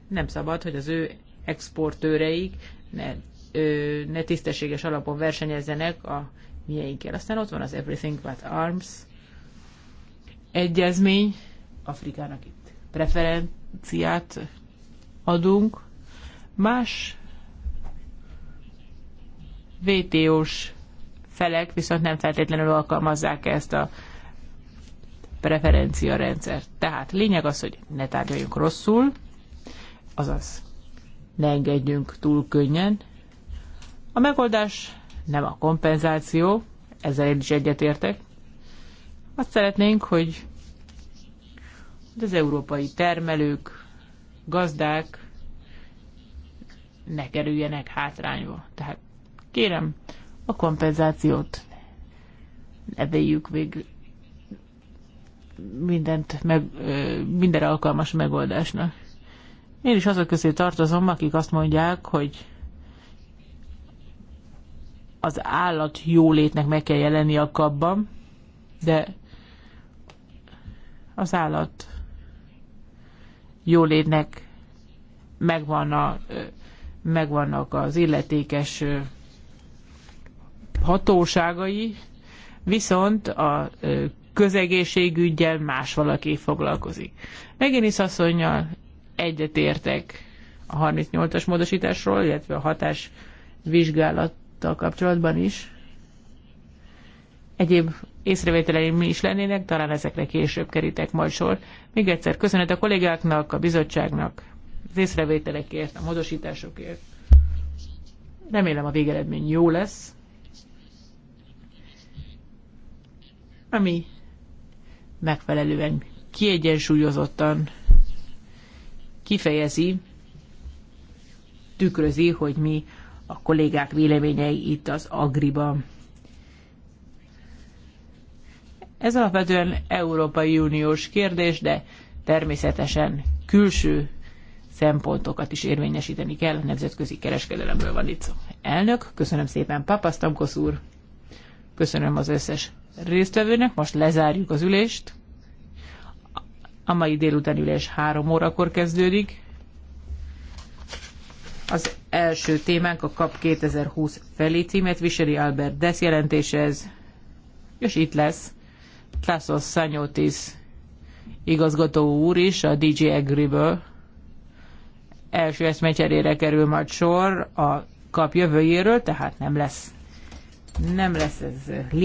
Nem szabad, hogy az ő exportőreik ne, ö, ne tisztességes alapon versenyezzenek a mieinkkel. Aztán ott van az Everything But Arms egyezmény Afrikának preferenciát adunk. Más VTO-s felek viszont nem feltétlenül alkalmazzák ezt a preferencia rendszert. Tehát lényeg az, hogy ne tárgyaljunk rosszul, azaz ne engedjünk túl könnyen. A megoldás nem a kompenzáció, ezzel én is egyetértek. Azt szeretnénk, hogy de hát az európai termelők, gazdák ne kerüljenek hátrányba. Tehát kérem, a kompenzációt ne véljük végül mindent meg, minden alkalmas megoldásnak. Én is azok közé tartozom, akik azt mondják, hogy az állat jólétnek meg kell jelenni a kapban, de az állat jólétnek megvan a, megvannak az illetékes hatóságai, viszont a közegészségügyel más valaki foglalkozik. Megénisz asszonynal egyetértek a 38-as módosításról, illetve a hatás vizsgálattal kapcsolatban is. Egyéb észrevételeim is lennének, talán ezekre később kerítek majd sor. Még egyszer köszönet a kollégáknak, a bizottságnak, az észrevételekért, a módosításokért. Remélem a végeredmény jó lesz. Ami megfelelően kiegyensúlyozottan kifejezi, tükrözi, hogy mi a kollégák véleményei itt az Agriban. Ez alapvetően Európai Uniós kérdés, de természetesen külső szempontokat is érvényesíteni kell, nemzetközi kereskedelemről van itt szó. Elnök, köszönöm szépen Papasztamkosz úr, köszönöm az összes résztvevőnek, most lezárjuk az ülést. A mai délután ülés három órakor kezdődik. Az első témánk a KAP 2020 felé címet viseli Albert Desz jelentése ez, és itt lesz Tassos Sanyotis igazgató úr is a DJ Agriből. Első eszmecserére kerül majd sor a kap jövőjéről, tehát nem lesz nem lesz ez